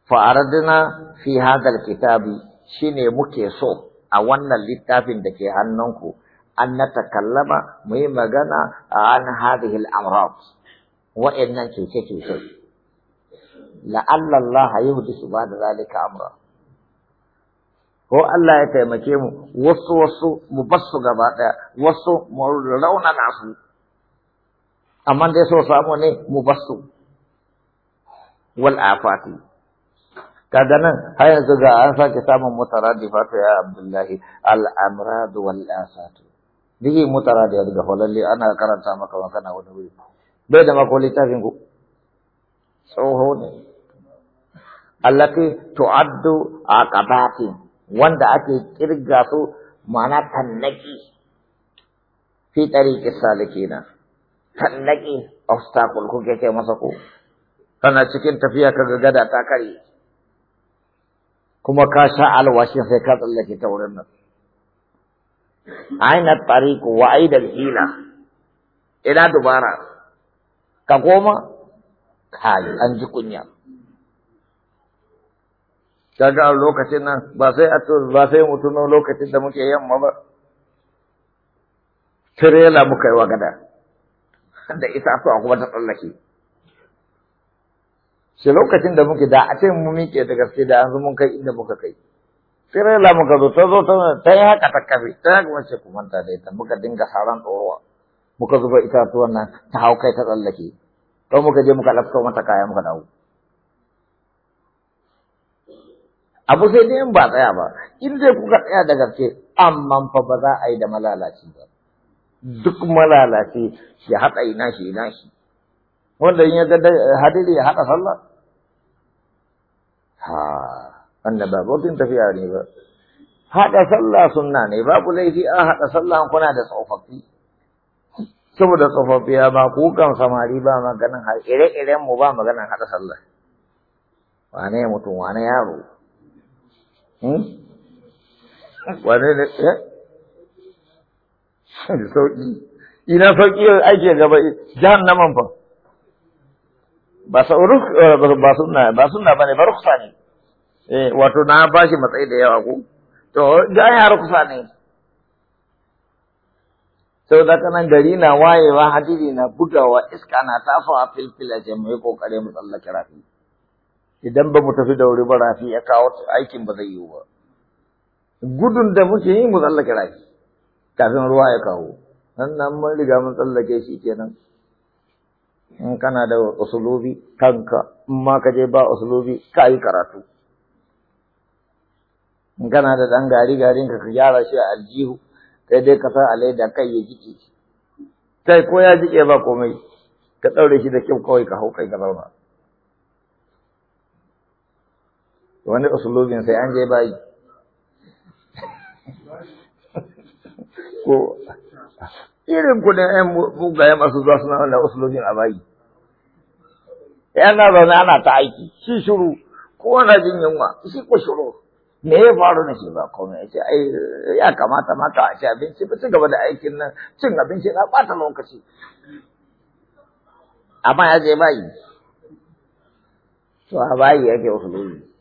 A: fa'aradna fi hadal kitabi shine muke so a wannan littafin da ke hannunku an na takallama mu yi magana an hadhihi al-amrad wa'annan keke-keke la'alla Allah yuhdisu ba da zalika amra ko Allah ya taimake mu wasu wasu mu basu gaba daya wasu mu raunana su amma dai so samu ne mu su. wal afati kada nan har yanzu ga an sake samun mutaradifatu ya abdullahi al amrad wal asatu dige mutaradiyat ga holalle ana karanta maka wa kana wani wuri bai da ta littafin ku tsoho ne allati tu'addu aqabati wanda ake kirga su ma'ana tannaki fi tariqis salikina tannaki obstacle kuke ke masa ku. kana cikin tafiya ka ga gada ta kare kuma ka sha alwashi sai ka tsallake ta wurin nan aina tariku wa aida hila ila dubara ka koma kai an ji kunya kaga lokacin nan ba sai a ba sai mutum lokacin da muke yamma ba tirela muka yi wa gada da ita kuma ta tsallake shi lokacin da muke da a ce mu miƙe da gaske da zo mun kai inda muka kai sai raila muka zo ta zo ta ta yi haka ta kafe ta yi haka wace kuma ta da ita muka dinga saran tsorowa muka zuba itatuwan nan ta hau kai ta tsallake Ɗan muka je muka lafka mata kaya muka dawo abu sai dai in ba tsaya ba in dai kuka tsaya da gaske amma fa ba za a yi da malalaci ba duk malalaci shi haɗa ina shi ina shi wanda in ya ga eh, hadiri ya haɗa sallah ha wanda ba bautun tafiya ne ba haɗa sallah sunna ne babu laifi a haɗa sallah kuna da tsofaffi saboda tsofaffi ya ba kukan samari ba maganin har ire-iren mu ba maganin haɗa sallah wane mutum wane yaro hmm? wane da eh? ya sauƙi ina sauki ake gaba jahannaman fa ba uruk ba sunna ba sunna bane ba ruksa ne eh wato na bashi matsayi da yawa ko to ga ya ruksa ne da kana gari na wayewa hadiri na bugawa iska na tafawa filfila ce mu yi kokare mu tsallake rafi idan ba mu tafi da wuri ba rafi ya kawo aikin ba zai yiwu ba gudun da muke yi mu tsallake rafi kafin ruwa ya kawo nan nan mun riga mun tsallake shi kenan in kana da usulubi kanka in ma ka je ba usulubi ka yi karatu in kana da ɗan gari garin ka gyara shi a aljihu kai dai ka san alai da kai ya jike kai ko ya jike ba komai ka ɗaure shi da kyau kawai ka hau kai ka zauna wani usulubin sai an je bayi ko irin kudin da ƴan masu zuwa suna wannan usulojin a bayi yana zaune ana ta aiki shi shuru. ko na jin yunwa shi ko shuru. me ya faru na shi ba komai ya ce ya kamata mata a ci abinci ba ci gaba da aikin nan cin abinci na ɓata lokaci amma ya je bayi to a bayi yake usuloji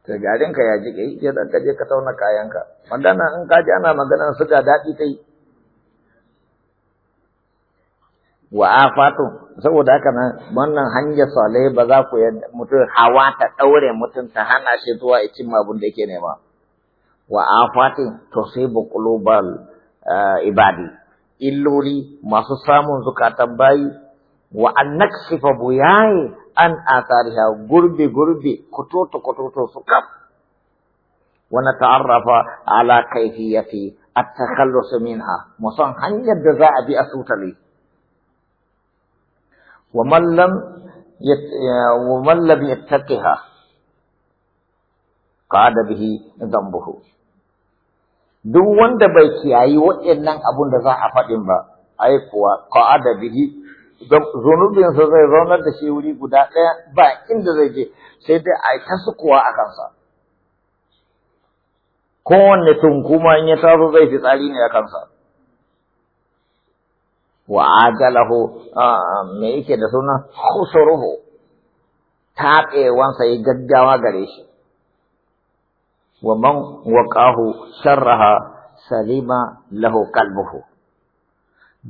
A: ta garin ka ya ji kai ya dan kaje ka tauna kayanka magana in ka ji ana magana su ga daɗi kai wa afatu saboda haka nan wannan hanyar salai ba za ku yadda mutum hawa ta ɗaure mutum ta hana shi zuwa icin abin da yake nema wa sai bu qulubal ibadi illuri masu samun zukatan bayi wa annaksifa naksifa an asariha gurbi gurbi kutoto kutoto su kaf wa nata'arrafa ala kayfiyati at-takhallus minha mu san hanyar da za a bi a sutale wa Mallam ya wa ha. lam bihi dhanbuhu duk wanda bai kiyayi waɗannan abun da za a faɗin ba ai kuwa qada bihi zunubinsa zai zaunar da shi wuri guda ɗaya ba inda zai je sai dai a ta sukuwa a kansa kowanne tunkuma in ya taso zai fi tsari ne a kansa wa ajalahu me yake da suna khusruhu taɓewansa ya gaggawa gare shi wa man waqahu sharraha salima lahu kalbuhu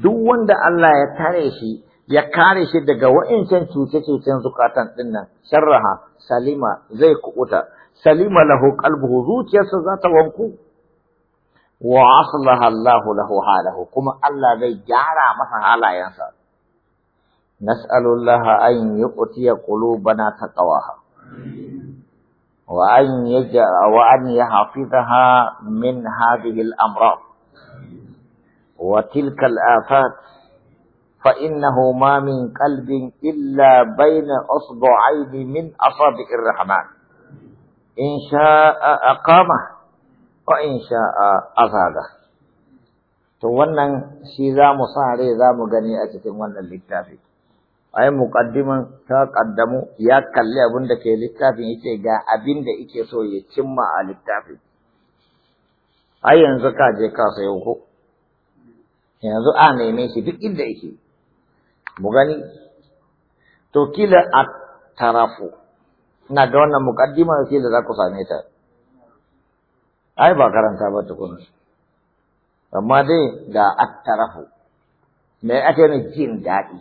A: duk wanda Allah ya tare shi ya kare shi daga wa'incan cuce-cucen zukatan dinnan sharraha salima zai kuɓuta salima lahu qalbuhu zuciyarsa za ta wanku wa aslaha Allah lahu halahu kuma Allah zai gyara masa halayensa nas'alu Allah an yuqtiya qulubana taqwaha wa an yaj'a wa an yahfidha min hadhihi al-amrad wa tilka al-afat فإنه ما من قلب إلا بين أصبعين من أصابع الرحمن إن شاء أقامه وإن شاء أزاده to wannan shi za mu sa rai za mu gani a cikin wannan littafi ai muqaddiman ta ƙaddamu ya kalli abin da ke littafin yake ga abin da yake so ya cimma a littafin ai yanzu ka je ka sayo ko yanzu a neme shi duk inda yake mu gani to kila a tarafu ina ga wannan muqaddima kila za ku same ta ai ba karanta ba tukuna amma dai da at-tarafu me ake ne jin daɗi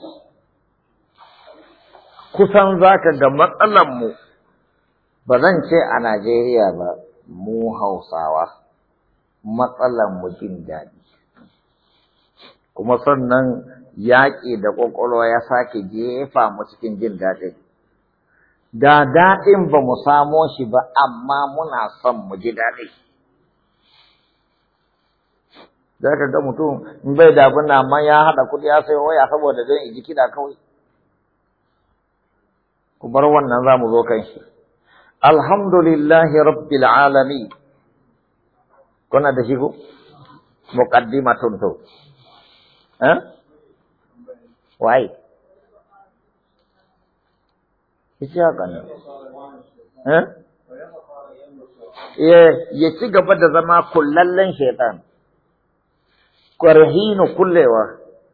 A: kusan za ka ga mu? ba zan ce a Najeriya ba mu Hausawa matsalan mu jin daɗi kuma sannan yaƙi da ƙwaƙwalwa ya sake jefa mu cikin jin daɗi. Da daɗin ba mu samo shi ba, amma muna son mu ji daɗi. Za ka ga mutum in bai da abin amma ya haɗa kuɗi ya sayo waya saboda don iji kiɗa kawai. Ku bar wannan za mu zo kan shi. Alhamdulillahi rabbil alami. Kuna da shi ku? Muqaddimatun to. Eh? waye yace haka ne eh ya ci gaba da zama kullallen shaitan ƙwarhinu kullewa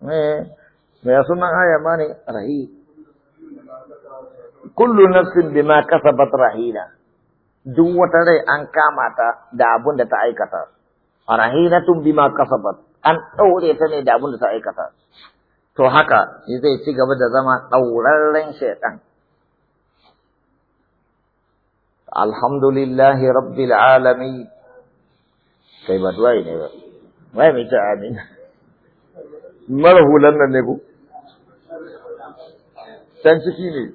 A: mai sunan aya ma ne rahi kullu nafsin bima bat rahina duk wata rai an kama ta da abun da ta aikata rahinatun bima bat an ɗaure ta ne da abun da ta aikata to haka shi zai ci gaba da zama ɗaurarren shaytan Alhamdulillahi rabbil alamin kai ba duwaye ne ba, mai mai ta amin. Mara hulan nan ne ko Can ciki ne.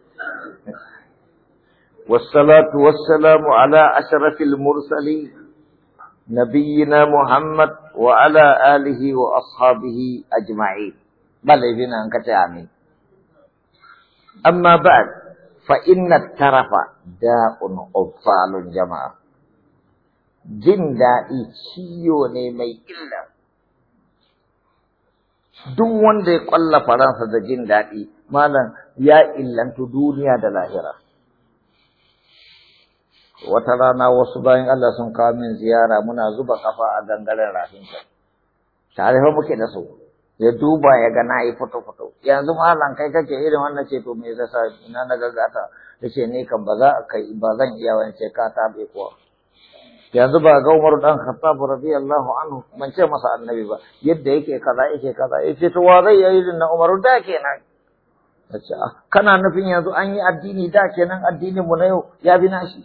A: والصلاة والسلام على أشرف المرسلين نبينا محمد وعلى آله وأصحابه أجمعين ba laifi na an kace amin amma ba fa inna tarafa da'un ufalun jama'a jin daɗi ciyo ne mai illa duk wanda ya ƙwalla faransa da jin daɗi malam ya illantu duniya da lahira wata rana wasu bayan Allah sun kawo min ziyara muna zuba kafa a gangaren rahinta tare fa muke da su ya duba ya ga na yi fito-fito yanzu malam kai kake irin wannan ce to me zasa ina na gagata ta ce ne kan ba za a kai ba zan iya wance ka ta bai kuwa yanzu ba ga Umar dan Khattab radiyallahu anhu ban ce masa annabi ba yadda yake kaza yake kaza yace to wa zai yi irin na Umar da kenan tace ah, kana nufin yanzu an yi addini da kenan addinin mu na yau ya bi nashi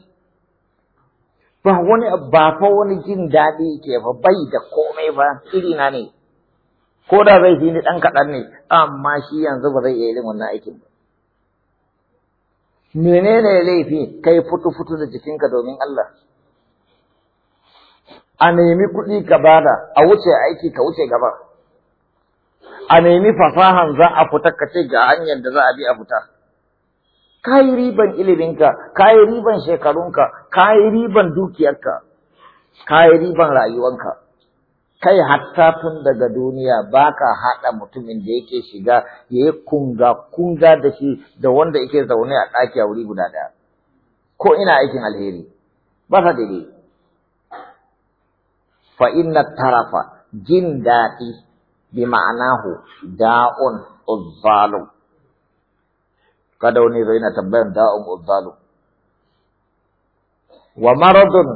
A: ba wani ba fa wani jin daɗi ke fa bai da komai ba irina ne ko da zai fi ni ɗan kaɗan ne amma shi yanzu ba zai iya yin wannan aikin ba menene laifi kai futu futu da jikinka domin Allah a nemi kuɗi ka bada a wuce aiki ka wuce gaba a nemi fasahan za a fita ka ce ga hanyar da za a bi a fita ka yi riban iliminka ka yi riban shekarunka ka yi riban dukiyarka ka yi riban rayuwanka kai hatta tun daga duniya baka haɗa mutumin da yake shiga ya yi kunga kunga da shi da wanda yake zaune a ɗaki a wuri guda ɗaya ko ina aikin alheri ba sa daidai fa inna tarafa jin daɗi bi ma'anahu da'un uzzalu kada wani zai na tambayan da'un uzzalu wa maradun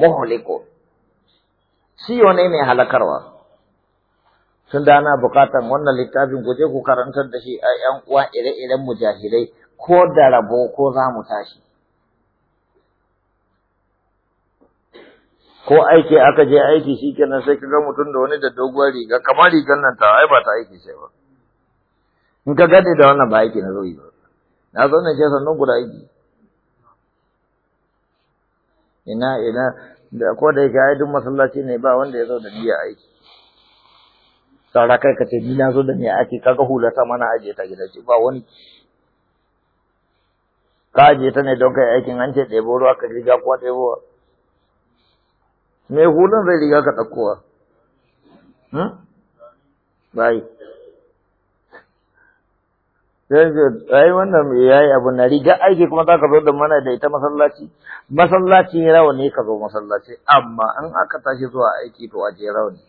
A: muhlikun Siyo ne mai halakarwa tun da ana bukatan wannan littafin ku ku karantar da shi a yan uwa ire-iren mujahidai ko da rabo ko za mu tashi ko aiki aka je aiki shi kenan sai ka ga mutum da wani da doguwar riga kamar rigar nan ta ai ba ta aiki sai ba in ka gade da wannan ba aiki na zo ba na zo na ke sannan guda aiki ina ina da ko da yake ai duk masallaci ne ba wanda ya zo da niyya aiki tsara kai ka ce ni na zo da niyya aiki kaga hula ta mana aje ta gida ce ba wani ka aje ta ne don kai aikin an ce ɗebo ruwa ka riga kuwa ɗebowa me hulan zai riga ka ɗaukowa hmm? bai ai wannan yayi abu na riga aiki kuma zaka zo da mana da ita masallaci masallaci ne ka zo masallaci amma in aka tashi zuwa aiki to aje ne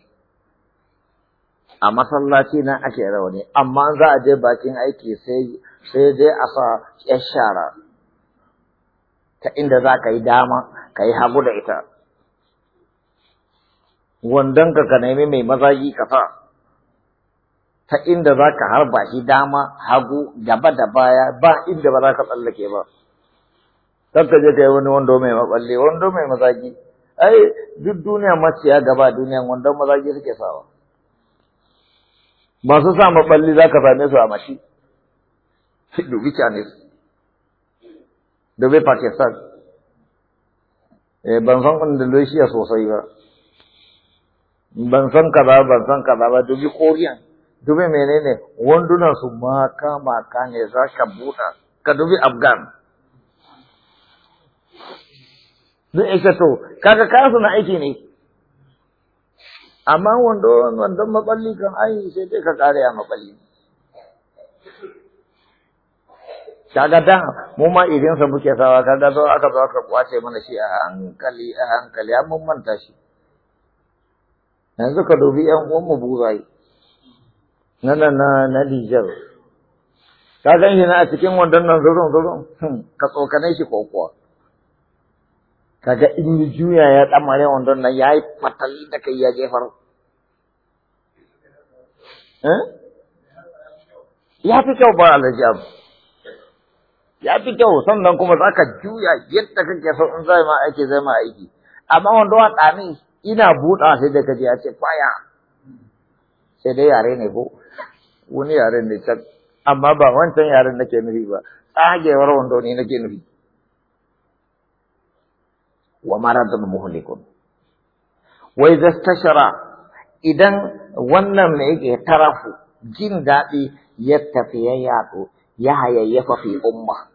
A: a masallaci nan ake rauni, amma in za a je bakin aiki sai sai dai a sa yar shara ta inda za ka yi dama ka yi hagu da ita wandonka ka nemi mai mazaji ka sa ta inda za ka harba shi dama hagu gaba da baya ba inda ba za ka tsallake ba kar ka je ka yi wani wando mai maballe wando mai mazaki ai duk duniya mace ya gaba duniya wando mazaki suke sawa masu sa maballi za ka same su a mashi dubi canis dubi pakistan eh, ban san Andalusia sosai ba, ban san kaza ban san kaza ba, dubi Koriyan, dube menene wanduna su maka maka ne za ka buɗa ka dubi afghan duk ita to kaka kasu na aiki ne amma wando wandon maballi kan ai sai dai ka kare a maballi kaga da mu ma idan sa muke sawa kaga zo aka zo ka kwace mana shi a hankali a hankali amma mun manta shi yanzu ka dubi yan uwan mu buzayi na na na na Nijar ka san shi na a cikin wannan nan zurun zurun hmm. ka tsokane shi ko kuwa kaga in yi juya ya tsamare wannan nan yayi fatali da kai ya jefar eh? ya fi kyau ba alajab ya fi kyau sannan kuma za ka juya yadda kake so in zai ma aiki zai ma aiki amma wanda wa tsami ina buɗa sai da kaje ya ce kwaya sai dai yare ne ko wani yaren ne can amma ba wancan yaren nake nufi ba tsagewar wanda wani nake nufi wa maradun muhlikun wa idza tashara idan wannan ne yake tarafu jin daɗi ya tafi ya yaɗo ya hayayyafa fi umma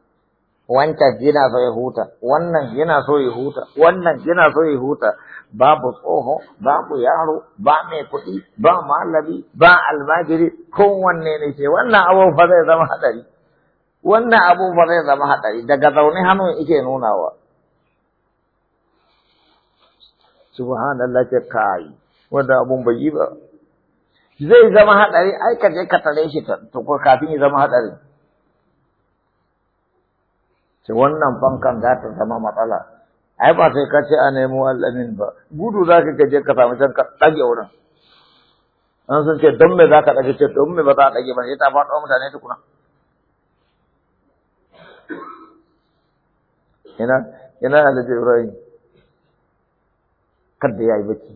A: wancan yana so ya huta wannan yana so ya huta wannan yana so ya huta babu tsoho babu yaro ba mai kuɗi ba malami ba almajiri kowanne ne ce wannan abu zai zama hadari wannan abu ba zai zama hadari daga zaune hannu ike nunawa subhanallah ce kai wanda abun bai yi ba zai zama hadari ai ka je ka tare shi ta kafin ya zama hadari ce wannan fankan za ta zama matsala ai ba sai ka ce a nemo alamin ba gudu za ka je ka sami can ka ɗage wurin an sun ce don me za ka ɗage ce don me ba za a ɗage ba sai ta faɗo mutane tukuna ina ina da Ibrahim kadda yi bacci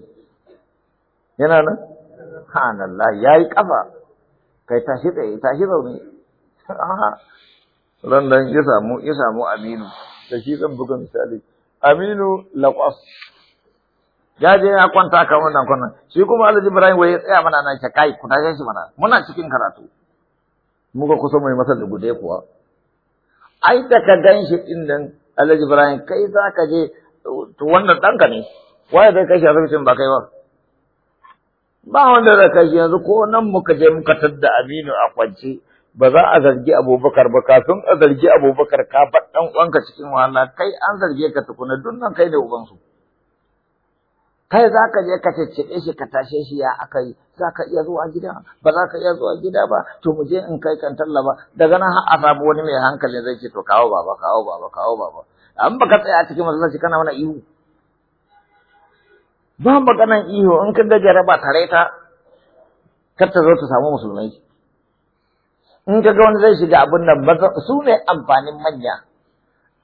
A: yana nan ya yi kafa kai tashi tsaye tashi zaune ran nan ya samu ya samu Aminu da shi zan buga misali Aminu laqas ya je ya kwanta kan wannan kwanan shi kuma Alhaji Ibrahim waye ya tsaya mana nan ka kai ku tashi shi mana muna cikin karatu muka kusa mai masa da gude kuwa ai da ka gan shi din nan Alhaji Ibrahim kai za ka je to wannan danka ne waye zai kai shi asibitin ba kai ba ba wanda zai kai yanzu ko nan muka je muka tadda Aminu a kwance ba za a zargi abubakar ba kafin a zargi abubakar ka bar ɗan uwanka cikin wahala kai an zarge ka tukuna duk nan kai da ubansu kai za ka je ka cicciɓe shi ka tashe shi ya aka yi za ka iya zuwa gida ba za ka iya zuwa gida ba to mu je in kai kan tallaba daga nan har a samu wani mai hankali zai ce to kawo baba kawo baba kawo baba an baka tsaya a cikin masallaci kana mana ihu ba maganan ihu in ka da jaraba tare ta kar ta zo ta samu musulmai in ka ga wani zai shiga abin nan ba su ne amfanin manya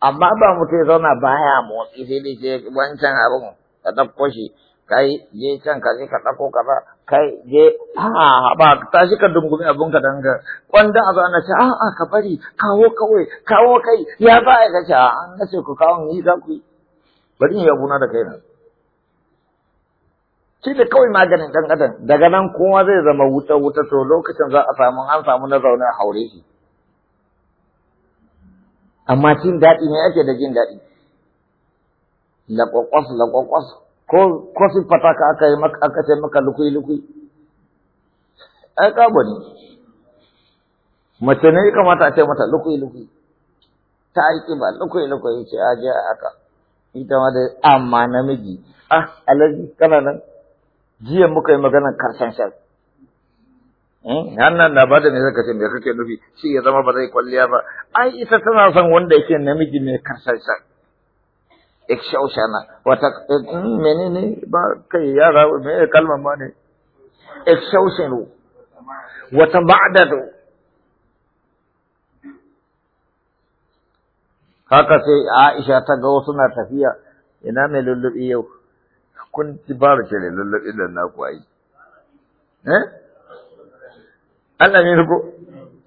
A: amma ba mutum ya zauna baya motsi sai dai sai wancan abin ka ɗauko shi kai je can ka je ka ɗauko kaza kai je a ba tashi ka dungumi abin ka danga kwanda a zo ana ce a'a ka bari kawo kawai kawo kai ya ba a ka ce a'a an nace ku kawo ni za ku yi bari in yi abuna da kai na. shi da kawai maganin ɗan adam daga nan kowa zai zama wuta wuta to lokacin za a samu an samu na zaune a haure shi amma jin daɗi ne ake da jin daɗi laƙwaƙwas laƙwaƙwas ko ko siffata ka aka yi maka aka ce maka lukui lukui ai kabo ne mace ne ya kamata a ce mata lukui lukui ta yi ƙiba lukui lukui ce a je aka ita ma da amma namiji ah alaji kana nan jiya muka yi maganar karshen shar eh, nan da bada ne zaka ce me kake nufi shi ya zama ba zai kwalliya ba ai ita tana son wanda yake namiji mai karshen shar ikshaushana wata eh, hmm, menene ba kai yara me kalma ma ne ikshaushanu wata do. haka sai Aisha ta ga wasu na tafiya ina mai lullubi yau kun ci fara cire lallaɓin da na ku ai eh Allah ne ko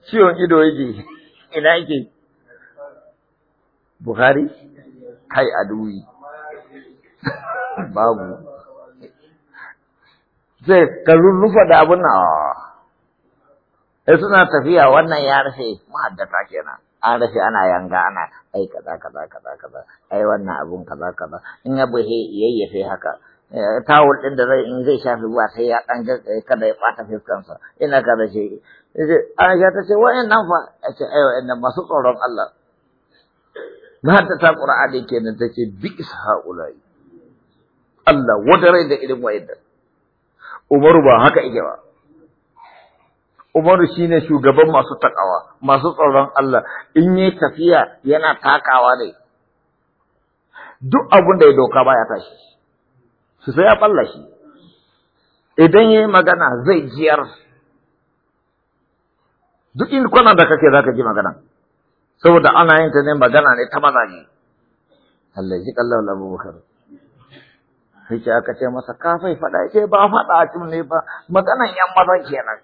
A: ciwon ido yake ina yake Bukhari kai aduwi babu sai ka rurrufa da abin sai eh, suna tafiya wannan ya rufe mahaddata kenan an rufe ana yanga ana ai kaza kaza kaza kaza ai wannan abun kaza kaza in ya buhe yayyafe haka Eh, tawul ɗin da zai in zai shafi ba sai ya ɗan eh, kada ya fi fiskansa ina kada shi ga ta ce wa'in nan fa a ce ai wa'in nan masu tsoron Allah mata ta Qur'ani kenan ta ce bi ishaulai Allah wadarai da irin wayanda. Umaru ba haka yake ba Umaru shine shugaban masu takawa masu tsoron Allah in yi tafiya yana takawa ne duk abin da ya doka baya tashi su sai ya balla shi idan yi magana zai jiyar duk inda kwana da kake ka ji magana saboda ana yin ta ne magana ne ta maza ne. Allah ji kallahu abubakar sai ce aka ce masa kafai faɗa ce ba faɗa a cin ne ba maganan yan mazan kenan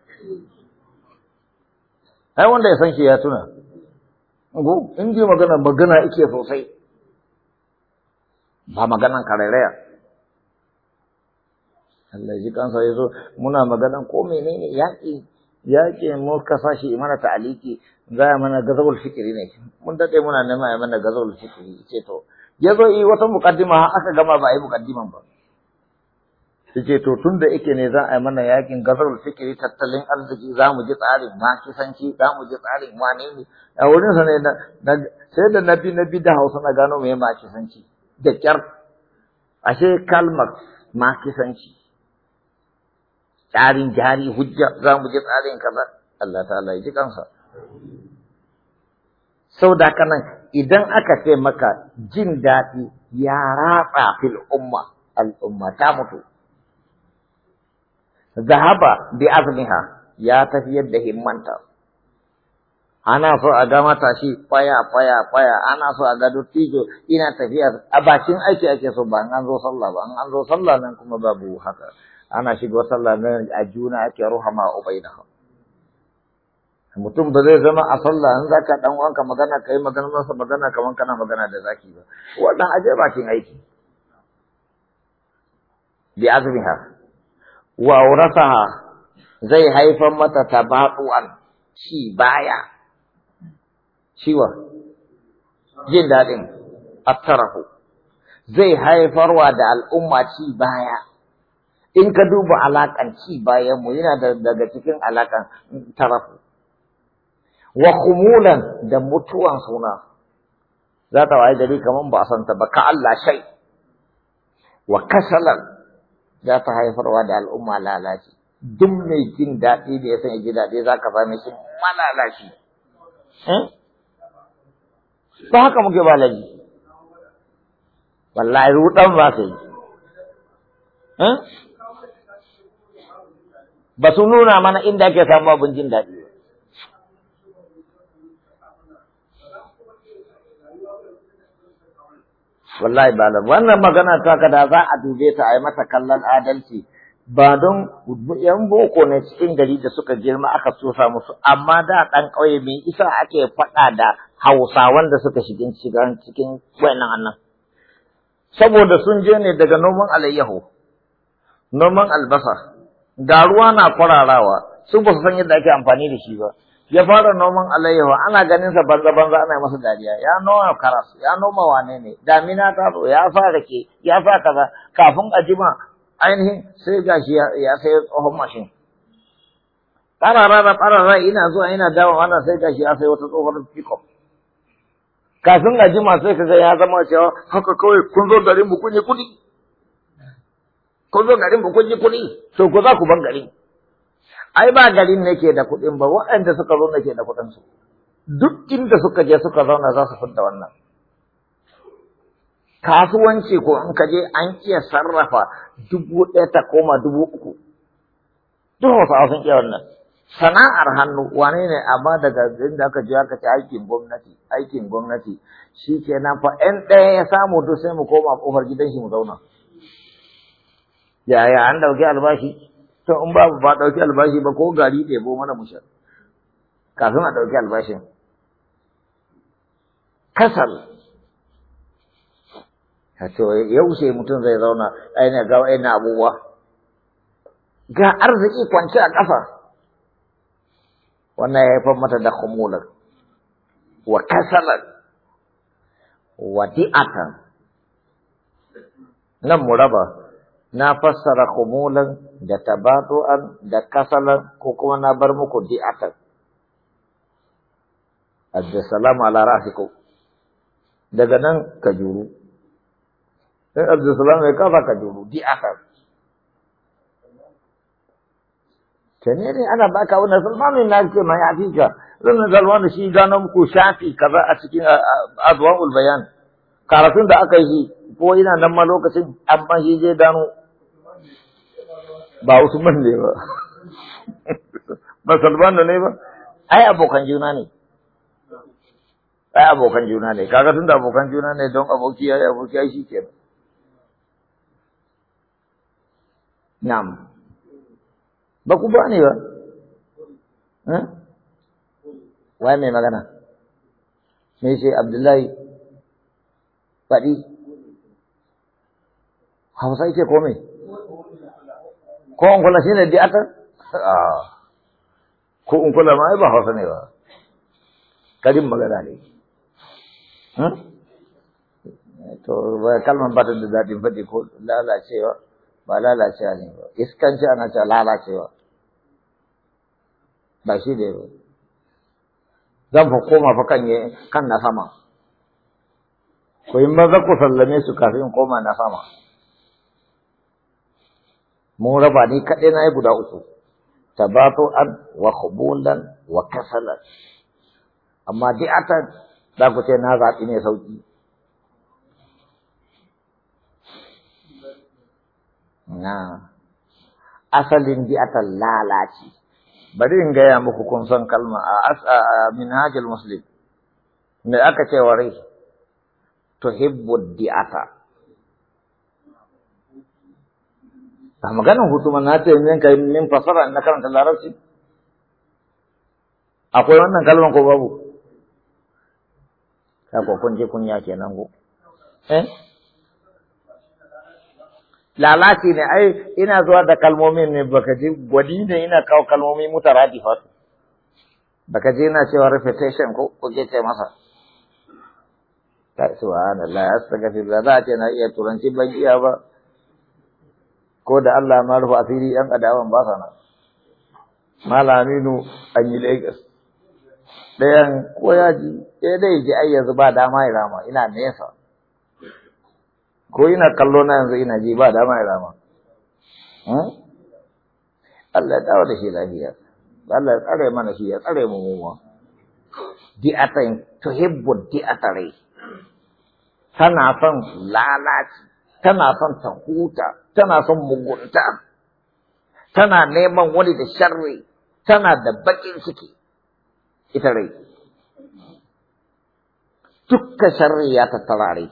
A: ai wanda ya san shi ya tuna ko in ji magana magana ike sosai ba maganan karairaya Allah ji kansa yazo muna maganan ko menene yaƙi yaƙi mu ka sashi mana ta'aliki za a mana gazabul fikri ne mun dade muna nema ya mana gazabul fikri ce to yazo yi wata muqaddima aka gama ba yi muqaddiman ba ce to tun da yake ne za a yi mana yakin gazarul fikiri tattalin arziki za mu ji tsarin ma kisanci za mu ji tsarin wane ne a wurin sa ne sai da nabi nabi da hausa na gano me ma kisanci da kyar ashe kalmar ma kisanci tsarin jari hujja za mu ji tsarin kaza Allah ta'ala ya ji kansa sau da kanan idan aka ce maka jin daɗi ya ratsa fil umma al'umma ta mutu zahaba bi azmiha ya tafi yadda himmanta ana so a ga matashi kwaya kwaya kwaya ana so a ga dottijo ina tafiya a bakin aiki ake so ba an zo sallah ba an zo sallah nan kuma babu haka ana shiga sallah na a juna ake ruhama ubainahu mutum ba zai zama a sallah in zaka dan wanka magana kai magana masa magana kaman kana magana da zaki ba wannan aje bakin aiki bi azmiha wa urasaha zai haifar mata tabadu'an shi baya ciwa jin dadin attarahu zai haifarwa da al'umma ci baya in ka duba alaƙan ci bayanmu, mu yana daga cikin alaƙan tarafu wa kumulan da mutuwan suna za ta waye gari kamar ba a santa ba ka Allah shai wa kasalan za ta haifarwa da al'umma lalaci duk mai jin daɗi da ya san ya ji daɗi za ka same shi malalaci hmm? ba haka muke ba lalaci, wallahi ruɗan ba sai. yi hmm? ba su nuna mana inda ake samu abin jin daɗi ba wallahi ba wannan magana ta kada za a dube ta a yi mata kallon adalci ba don yan boko ne cikin gari da suka girma aka sosa musu amma da ɗan ƙauye mai isa ake faɗa da hausawan da suka shiga cikin wannan annan saboda sun je ne daga noman alayyahu noman albasa ga ruwa na kwararawa sun ba su san yadda ake amfani da shi ba ya fara noman alayyahu ana ganin sa banza banza ana masa dariya ya noma karas ya noma wane ne damina ta zo ya fara ke ya fara kaza kafin a jima ainihin sai gashi ya sai tsohon mashin kararara kararara ina zuwa ina dawo ana sai gashi ya sai wata tsohon pickup kafin a jima sai kaga ya zama cewa haka kawai kun zo garin mu kun yi kuɗi kun zo garin ku kun ji kuɗi to ku za ku ban gari. ai ba garin ne ke da kuɗin ba waɗanda suka zo ne ke da kuɗin su duk inda suka je suka zauna za su fidda wannan kasuwanci ko in ka je an iya sarrafa dubu ɗaya ta koma dubu uku duk wasu a sun iya wannan sana'ar hannu wane ne amma daga inda aka je aka ce aikin gwamnati aikin gwamnati shi kenan fa ɗan ɗaya ya samu duk sai mu koma ƙofar gidan shi mu zauna yaya an ɗauki albashi to in ba ba ɗauki albashi ba ko gari ɗebo mana mushar kafin a ɗauki albashin kasal to yau sai mutum zai zauna aina ga aina abubuwa ga arziki kwance a ƙasa. wannan ya haifar mata da khumulan wa kasalan wa di'atan nan mu raba na fassara kumulan da tabatu'an da kasalan ko kuma na bar muku Adda salamu ala rahiku. daga nan ka juru sai salamu ya kafa ka juru di'atan tane ne ana baka wani salmanin na ce mai hakika zan da shi gano muku shafi kaza a cikin adwaul bayan karatun da aka yi ko ina nan ma lokacin amma shi je gano ba usman ne ba ba salmanu ne ba ai abokan juna ne ai abokan juna ne kaga tunda abokan juna ne don aboki yayi aboki ai shikenan na'am ba ku ba ne ba eh wai mai magana me sai abdullahi faɗi hausa yake komai Ah. ko in kula shi ne bi'atan ko in kula mai ba hausa ne ba kadin magana ne hmm? to kalmar ba ta da daɗin faɗi ko lalacewa ba lalacewa ne ba iskanci ana ta lalacewa ba shi ne ba zan fa koma fa kan kan na sama ko in za ku sallame su kafin koma na sama mun raba ni kaɗai na yi guda uku ad wa khubulan wa kasalat amma ata da ku ce na zaɓi ne sauƙi na asalin ata lalaci bari in gaya muku kun san kalma a minhajul muslim me aka ce wa rai tuhibbu di'ata ba maganin hutuma na ce min kai min fasara na karanta larabci akwai wannan kalman ko babu ka ko kun je kunya kenan go eh lalaci ne ai eh, ina zuwa da kalmomin ne baka ji, gwadi ne ina kawo kalmomi mutaradifat baka ji ina cewa repetition ko kuke ce masa ta subhanallah astaghfirullah za ta na iya turanci ban iya ba ko da Allah ma rufa asiri yan adawan ba sana malaminu an yi Lagos ɗayan ko ya ji ɗaya eh, da ya ji ai yanzu ba dama ya rama ina nesa ko ina kallo na yanzu ina ji ba dama ya rama hmm? Allah ya dawo da shi lafiya Allah ya tsare mana shi ya tsare mu mu di atain tuhibbu di atare tana son lalaci tana son ta huta tana son mugunta tana neman wani da sharri tana da baƙin ciki ita rai dukka sharri ya tattara rai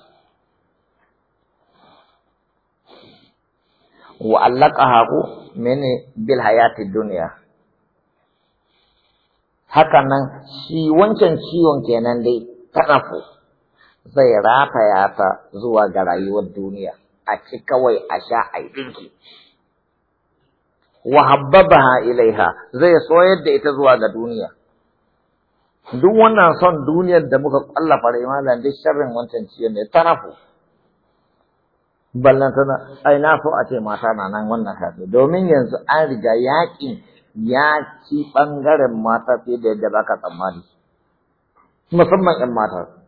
A: wa allaqaha ku mene bil hayati dunya haka nan shi wancan ciwon kenan dai tarafu zai rataya ta zuwa ga rayuwar duniya a ci kawai a sha a yi dinki. wa ilaiha zai soyar da ita zuwa ga duniya duk wannan son duniyar da muka kwallafa rai malam duk sharrin wancan ciyar ne nafu. ballan tana ai na so a ce mata na nan wannan kafi domin yanzu an riga yaƙin ya ci ɓangaren mata fiye da yadda ka tsammani musamman 'yan mata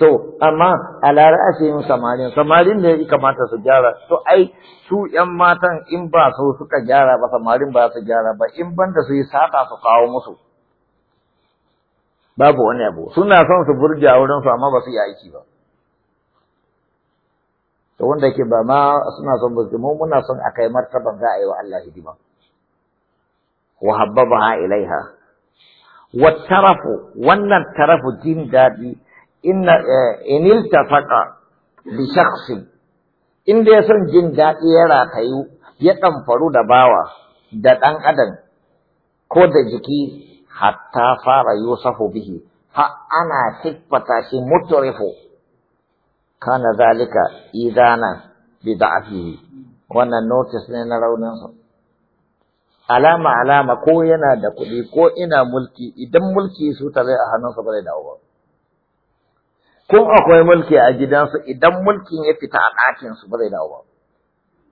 A: To, amma a lara'ashin samarin, samarin da ya kamata su gyara, to ai, su ‘yan matan in ba su suka gyara ba, samarin ba su gyara ba, in banda su yi sata su kawo musu. Babu wani abu, suna son su burge a su amma ba su yi aiki ba. To, wanda ke ba ma suna son burge mu muna son a kai martaban za a yi wa Allah hidima. Wa habbabaha ilaiha. Wa tarafu, wannan tarafu jin daɗi in enil tafaka bi shakhsi inda ya san jin daɗi ya ratayu ya ɗamfaru da bawa da ɗan adam ko da jiki hatta fara yusufu bihi ha ana siffata shi mutarifu kana zalika idana bi da'afihi wannan notice ne na rauninsa alama alama ko yana da kuɗi ko ina mulki idan mulki su ta zai a hannunsa ba zai dawo ba Kun akwai mulki a gidansu idan mulkin ya fita a ɗakinsu ba zai dawo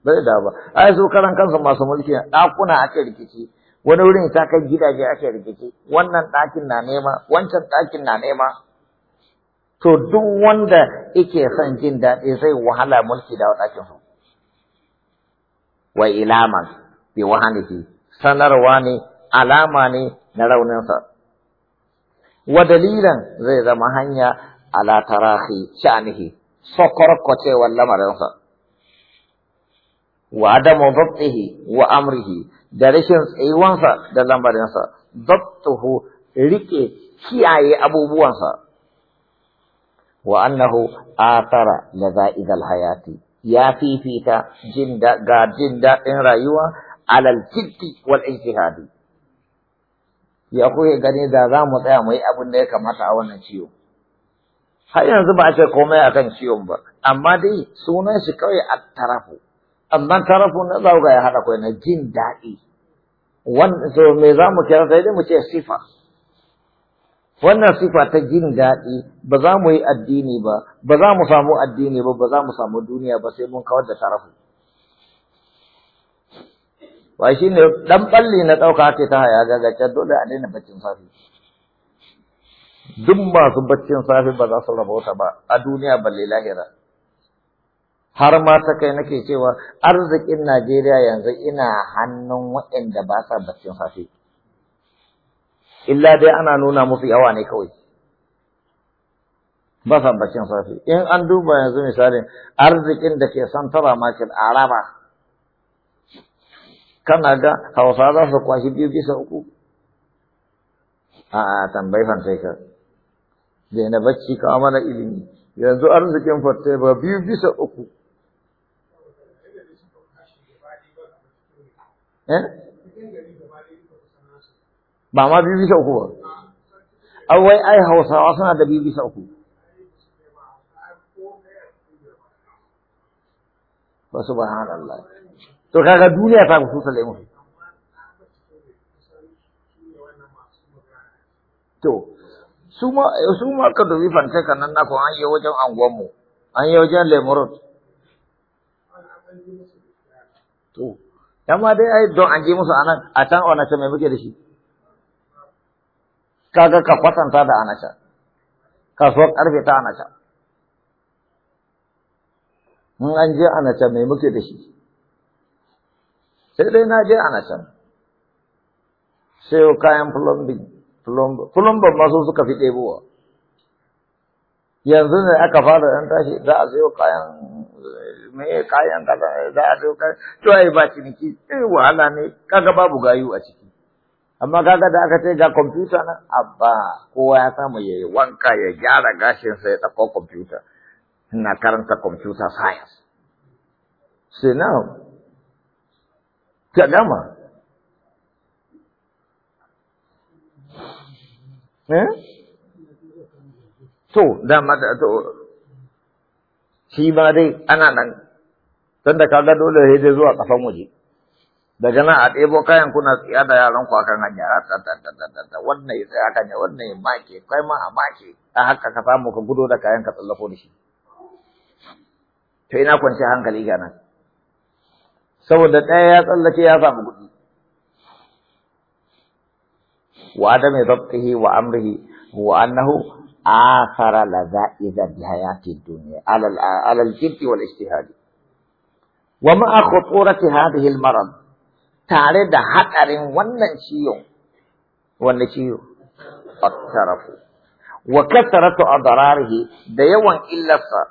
A: ba ba dawo ba ai su karan kansu masu mulki ɗakuna ake rikici wani wurin ta kai gidaje ake rikici wannan ɗakin na nema wancan ɗakin na nema to duk wanda yake son jin daɗi zai wahala mulki da ɗakin su wa ilaman bi wahanihi sanarwa ne alama ne na rauninsa wa dalilan zai zama hanya ala tarahi sha'nihi sokorkocewar lamarinsa wa adamu dabtihi wa amrihi da rashin tsayuwansa da lamarinsa dabtuhu rike kiyaye abubuwansa wa annahu atara laza'idal hayati ya fifita jin da ga jin daɗin rayuwa alal jiddi wal ijtihadi ya koyi gani da za mu tsaya mu yi abin da ya kamata a wannan ciwo har yanzu ba a ce komai akan ciwon ba amma dai sunan shi kawai a tarafu amma tarafu na zauga ya haɗa kai na jin daɗi wannan so me za mu kira sai dai mu ce sifa wannan sifa ta jin daɗi ba za mu yi addini ba ba za mu samu addini ba ba za mu samu duniya ba sai mun kawar da tarafu wa shi ne ɗan ɓalli na ɗauka ake ta haya gagace dole a daina bakin safi duk masu baccin safe ba za su ta ba a duniya balle lahira har ma ta kai nake cewa arzikin Najeriya yanzu ina hannun waɗanda ba sa baccin safe illa dai ana nuna musu yawa ne kawai ba sa baccin safe in an duba yanzu misalin arzikin da ke tara market a raba kana ga hausa za su kwashi biyu bisa uku a tambayi fantaikar daina bacci ka mana ilimi yanzu arzikin fatte ba biyu bisa uku eh? ba ma biyu bisa uku ba awai ai hausawa suna da biyu bisa uku ba su ba Allah to kaga duniya ta musu sallai musu to su ma su ma ka dubi fanta kan nan nako an yi wajen anguwanmu mu an yi wajen lemurut to amma dai ai don an je musu anan a can ona ce mai muke da shi kaga ka kwatanta da ka so karfe ta anaca. in an je anaca mai muke da shi sai dai na je anaca. sai kayan plumbing Fulumbar masu suka fi ɗebowa. Yanzu ne aka fara ɗan tashi za a sayo kayan me kayan kaza za a sayo kayan to ai ba ciniki eh wahala ne kaga babu gayu a ciki. Amma kaga da aka ce ga kwamfuta na abba kowa ya samu ya yi wanka ya gyara gashinsa ya ɗauko kwamfuta. Na karanta kwamfuta science. Sai na ta gama eh mata tu. to shi ma dai ana nan tunda kaga dole dua tak zuwa kafan waje daga nan a ɗebo kayan kuna tsiya da yaran ku akan hanya wannan ya tsaya kan wannan ya make kai ma a make mah baik. Ah kau kata gudo da kayan dah ta, yang kata telefon ina Tiada hankali ga nan saboda ɗaya ya tsallake ya samu kuɗi وعدم ضبطه وأمره هو انه آثر لذائذ بحياة الدنيا على على الجد والاجتهاد ومع خطورة هذه المرض تعرض حقر والنشيو والنشيو الترف وكثرة أضراره ديوا إلا صار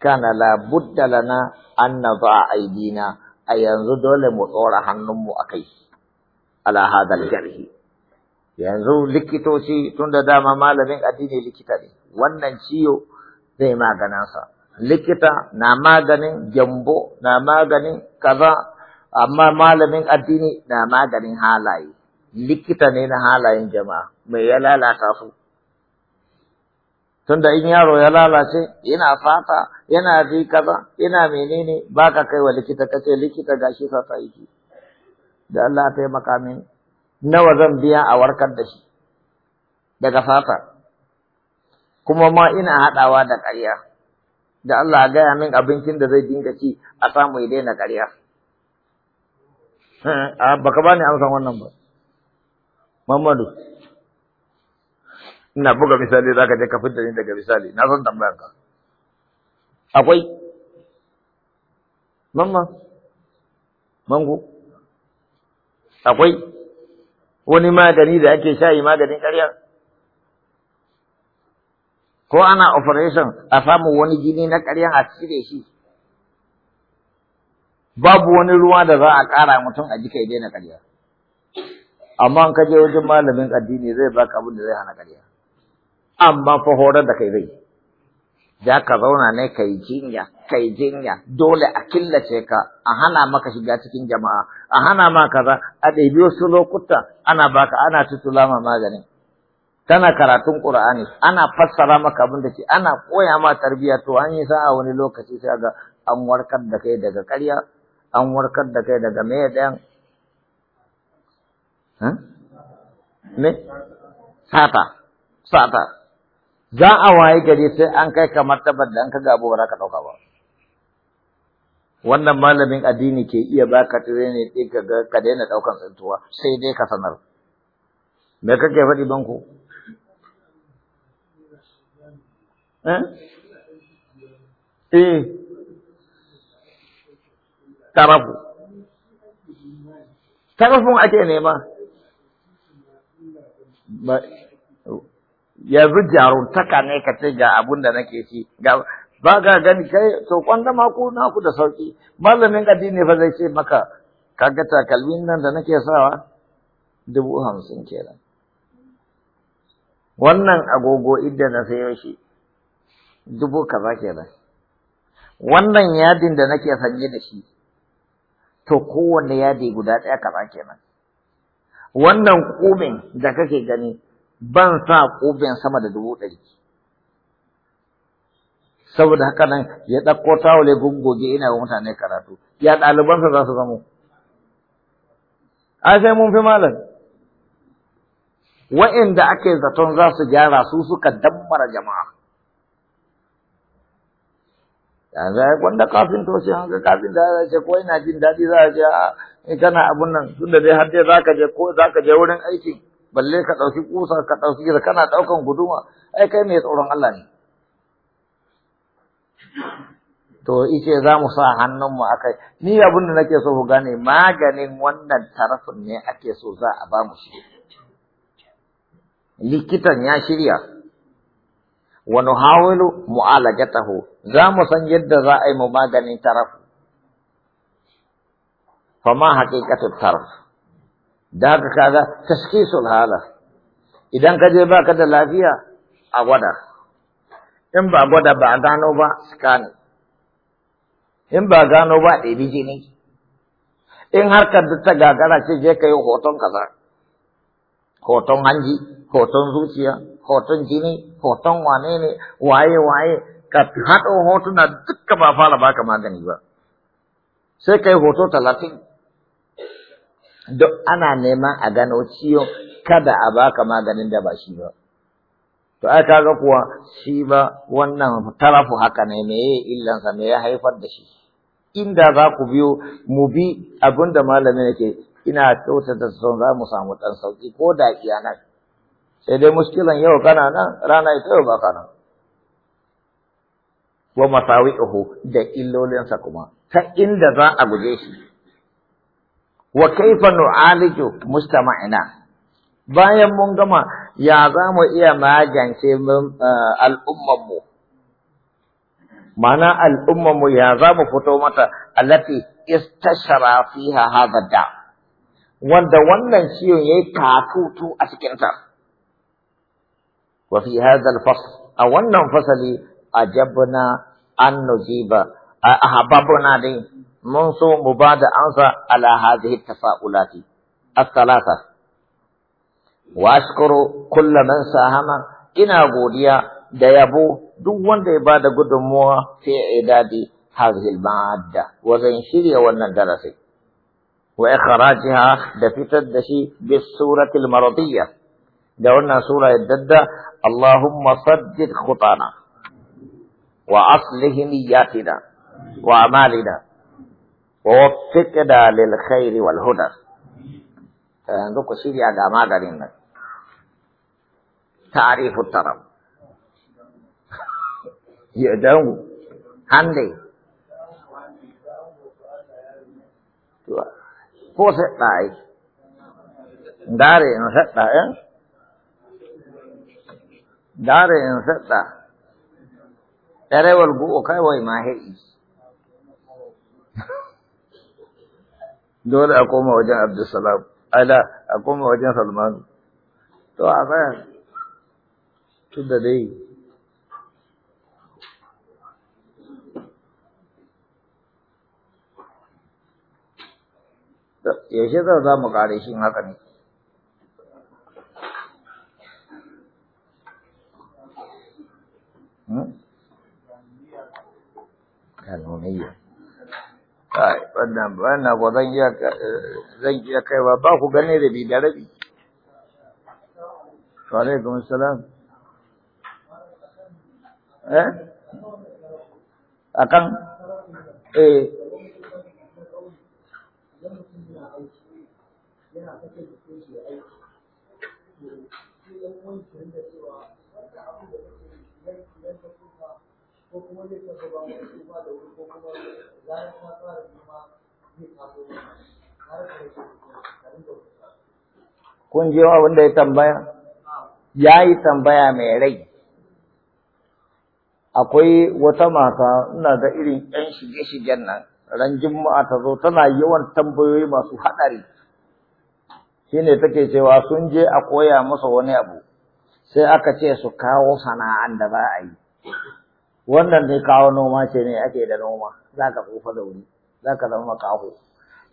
A: كان لابد لنا أن نضع أيدينا أي ينزل لمطور حنم أكيس على هذا الجرح yanzu likitoci tunda dama malamin addini likita ne wannan ciwo zai maganansa likita na maganin gyambo na maganin kaza amma malamin addini na maganin halaye likita ne na halayen jama'a mai ya lalata su tunda in yaro ya lalace yana fata yana ji kaza yana menene baka kai wa likita kace likita gashi fata yake da Allah ya taimaka mini nawa zan biya a warkar da shi daga fata kuma ma ina haɗawa da ƙarya da Allah gaya min abincin da zai dinga ci a samu ya daina ƙarya hmm, baka bani amsan wannan ba Muhammadu ina buga misali zaka je ka fitar ni daga misali na san tambayar ka akwai mamma mango akwai wani magani da ake shayi maganin ƙarya ko ana operation a samu wani jini na ƙarya a cire shi babu wani ruwa da za a ƙara mutum a jika dai daina ƙarya amma an ka je wajen malamin addini zai baka abin da zai hana ƙarya amma fa horar da kai zai ya ka zauna ne ka yi jinya kai jinya dole a killace ka a hana maka shiga cikin jama'a a hana ma kaza a ɗebi wasu lokuta ana baka ana tutula ma magani tana karatun Qur'ani ana fassara maka abin da ke ana koya ma tarbiyya to an yi sa'a wani lokaci sai ga an warkar da kai daga ƙarya an warkar da kai daga me ɗayan ne sata sata za a waye gari sai an kai ka martabar da an ka gabo ba za ka ɗauka ba wannan malamin addini ke iya baka training din ka ga ka daina daukan tsintuwa sai dai ka sanar me kake faɗi banko eh eh tarafu tarafin ake nema yanzu jaruntaka ne ka ce ga abun da nake ci ga ba ga gani kai to kwanda ma ku na ku da sauki malamin addini fa zai ce maka kaga takalmin nan da nake sawa dubu hamsin kenan wannan agogo idda na sayo shi dubu kaza kenan wannan yadin da nake sanye da shi to kowanne yadi guda ɗaya kaza kenan wannan ƙumin da kake gani ban sa ƙumin sama da dubu ɗari saboda haka nan ya ɗauko tawale goggoge ina wa mutane karatu ya ɗalibansa za su zamo ai sai mun fi malam wa'inda ake zaton za su gyara su suka dammara jama'a yanzu ai wanda kafin to hanga kafin da ya ce ko ina jin daɗi za a ce a ah, kana abun nan tunda dai har dai zaka je ko zaka je wurin aikin balle ka ɗauki kusa ka ɗauki kana ɗaukan guduma ai kai mai tsoron Allah ne to ice za mu sa hannunmu a kai ni abin da nake so ku gane maganin wannan tarafin ne ake so za a ba mu shi likitan ya shirya wa nuhawilu mu'alajatahu za mu san yadda za a yi mu maganin taraf fa ma haqiqatu taraf da haka kaga tashkisul hala idan ka je baka da lafiya a gwada in ba gwada ba a gano ba scanning in ba gano ba ɗebi jini in harkar da ta gagara ce je ka yi hoton kaza hoton hanji hoton zuciya hoton jini hoton wane ne waye waye ka haɗo hotuna duka ba fara baka magani ba sai ka yi hoto talatin duk ana neman a gano ciyo kada a baka maganin da ba shi ba to ai kaga kuwa shi ba wannan tarafu haka ne me illansa me ya haifar da shi inda za ku biyo mu bi abinda malamin yake ina kyautata son za mu samu ɗan sauƙi ko da kiyana. sai dai muskilan yau kana nan rana ita yau ba kana wa masawi'uhu da illolinsa kuma ta inda za a guje shi wa kaifa nu'aliju mustama'ina bayan mun gama ya za mu iya magance eh, al'ummanmu mana al'ummanmu ya za mu fito mata alafi? istashara fiha hadha da wanda wannan ciwon yi katutu a cikin ta Wafi fi hadha a wannan fasali ajabna an A hababuna dai mun so mu ba da ansa ala tafa'ulati, tasa'ulati الثلاثة واسكروا كل من ساهم إنا غوديا ديابو دو وان دي بادة قدموها في إعدادي هذه المادة وزين شريا وانا درسي وإخراجها دفتت دشي بالسورة المرضية دعونا سورة الددة اللهم صدد خطانا وأصله نياتنا وأمالنا ووفقنا للخير والهدى. عندك آه، شيء يا جماعة قريبا. تعريف الطرب يدعو عندي ko seɗɗa ai ndaare seɗɗa en ndaare en seɗɗa ɗerewol gu'o kay woye ma dole a koma wajen abdulsalam ala a koma wajen salmanu to a tunda Yau shi za za mu kare shi haka ne hmm? kanuniyya wannan wannan ko zan iya zan iya kaiwa ba ku gane bi da rabi wa alaikum salam eh eh da kun ji wa wanda ya tambaya ya yi tambaya mai rai akwai wata mata ina da irin ƴan shige-shigen nan ran juma'a ta zo tana yawan tambayoyi masu haɗari shine take cewa sun je a koya masa wani abu sai aka ce su kawo sana'an da za a yi wannan ne kawo noma ce ne ake da noma za ka tsufa da wuri za ka zama kaho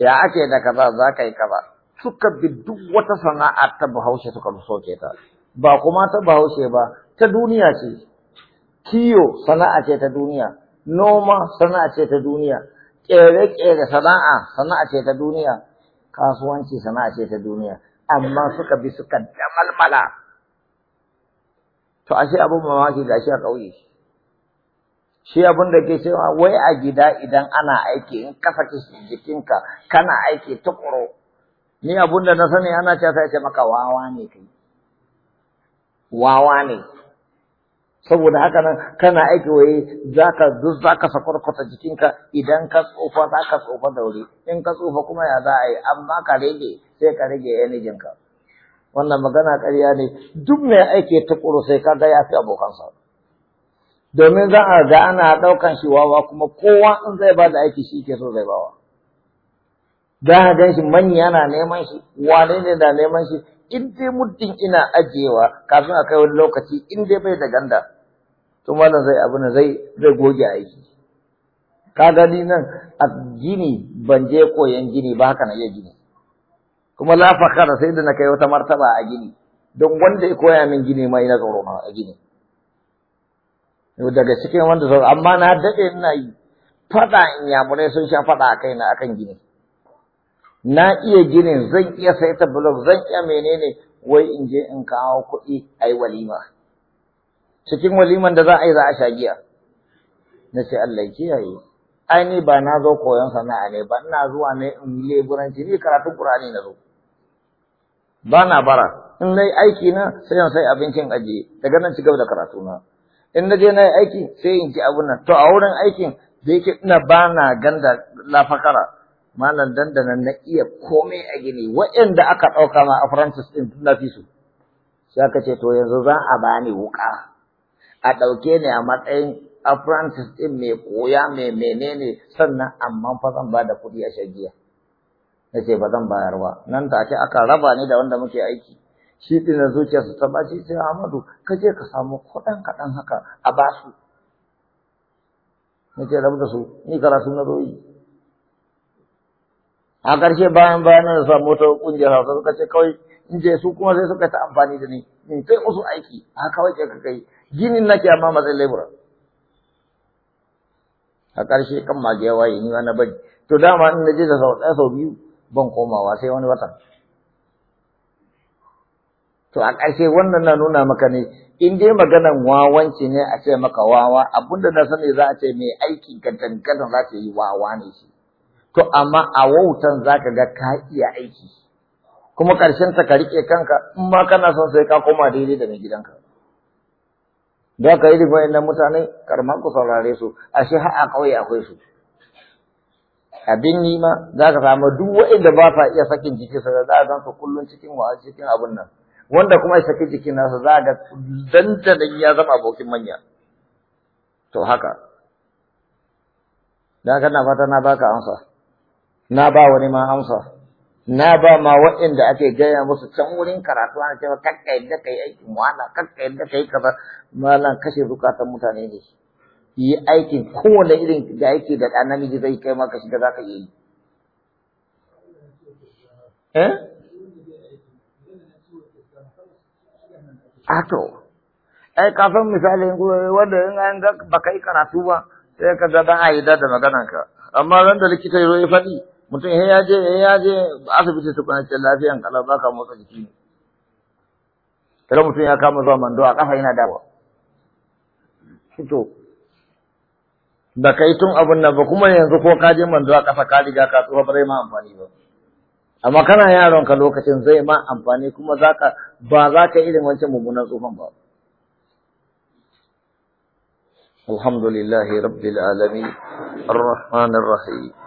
A: ya ake da kaza za ka yi kaza suka bi duk wata sana'a ta bahaushe suka soke ta ba kuma ta bahaushe ba ta duniya ce kiyo sana'a ce ta duniya noma sana'a ce ta duniya ƙere-ƙere sana'a sana'a ce ta duniya kasuwanci sana'a ce ta duniya amma suka bi suka damalmala to ashe abin mamaki ga shi a ƙauye shi abin da ke cewa wai a gida idan ana aiki in kafa saki jikinka kana aiki tukuro ni abin da na sani ana cewa sai ce maka wawa ne kai wawa ne saboda haka nan kana aiki waye zaka duk ka sakwarkwata jikinka idan ka tsofa za tsofa da wuri in ka tsofa kuma ya za a yi amma ka rage sai ka rage yanijinka wannan magana ƙarya ne duk mai aiki ta ƙuro sai ka ga ya fi abokansa domin za a ga ana ɗaukan shi wawa kuma kowa in zai ba da aiki shi ke so zai bawa za a gan shi manya na neman shi wane ne na neman shi in dai muddin ina ajiyewa kafin a kai wani lokaci in dai bai da ganda to malam zai abin zai zai goge aiki ka gani nan a gini ban je koyan gini ba haka na iya gini kuma la fakara sai da na kai wata martaba a gini don wanda ya koya min gini ma ina tsoro a gini daga cikin wanda zauro, amma na daɗe ina yi faɗa in yamurai sun sha faɗa a kaina akan gini na iya ginin zan iya saita blog zan iya menene wai in je in kawo kuɗi ai walima cikin waliman da za a yi za a sha giya na ce Allah ya kiyaye ai ni ba na zo koyon sana'a ne ba ina zuwa ne in leburanci ni karatun Qur'ani na zo ba na bara in nayi aiki na sai in sai abincin ajiye daga nan cigaba da karatu na in na je nayi aiki sai in ci abun nan to a wurin aikin da yake ina ba na ganda lafakara malam dandana na iya komai a gini waɗanda aka ɗauka ma a Francis din tun na fi su sai aka to yanzu za a bani wuka a ɗauke ni a matsayin apprentice ɗin mai koya mai menene sannan amma fa zan ba da kuɗi a shagiya na ce ba zan bayarwa nan nan ce aka raba ni da wanda muke aiki shi ɗin su ta ɓaci sai Ahmadu ka je ka samu kuɗin kaɗan haka a basu na ce rabu da su ni karatu na zoyi a ƙarshe bayan bayan na samu wata ƙungiyar hausa suka ce kawai in je su kuma sai suka ta amfani da ni in kai musu aiki a kawai ke ka kai ginin nake amma matsayin labura a ƙarshe kan magiya waye ni wani bari to dama in je da sau ɗaya sau biyu ban komawa sai wani watan to a ƙarshe wannan na nuna maka ne in dai maganan wawanci ne a ce maka wawa abinda na sani za a ce mai aikin katankadan za ta yi wawa ne shi to amma a wautan za ka ga ka iya aiki kuma ƙarshen ta ka riƙe kanka in ma kana son sai ka koma daidai da mai gidanka da ka yi da mutane karma ku saurare su ashe shi a ƙauye akwai su abin yi ma za ka samu duk wa'inda ba sa iya sakin jiki su za a zan su kullum cikin wa cikin abin nan wanda kuma ya saki jikin nasa za a ga dandanan ya zama abokin manya to haka da haka na fata na baka amsa na ba wani ma amsa na ba ma waɗanda ake gaya musu can wurin karatu ana cewa kakka yadda ka yi aikin wahala kakka yadda ka yi kaza malam kashe zukatan mutane ne yi aikin kowane irin da yake da ɗan namiji zai kai maka shiga za ka yi eh ato ah, ai kafin misalin eh, wanda in an ga baka yi karatu ba sai ka ga dan yi da maganan ka amma ran da likita ya faɗi mutum eh ya je eh ya je asibiti tukuna cikin lafiyan kala, ba ka motsa jiki ne kada mutum ya kama zuwa mando a kafa yana dawa fito da kai tun abin nan ba kuma yanzu ko ka je mando a kafa ka riga ka tsufa ba zai ma amfani ba amma kana yaron ka lokacin zai ma amfani kuma zaka ba za ka irin wancan mummunan tsufan ba alhamdulillahi rabbil alamin الرحمن الرحيم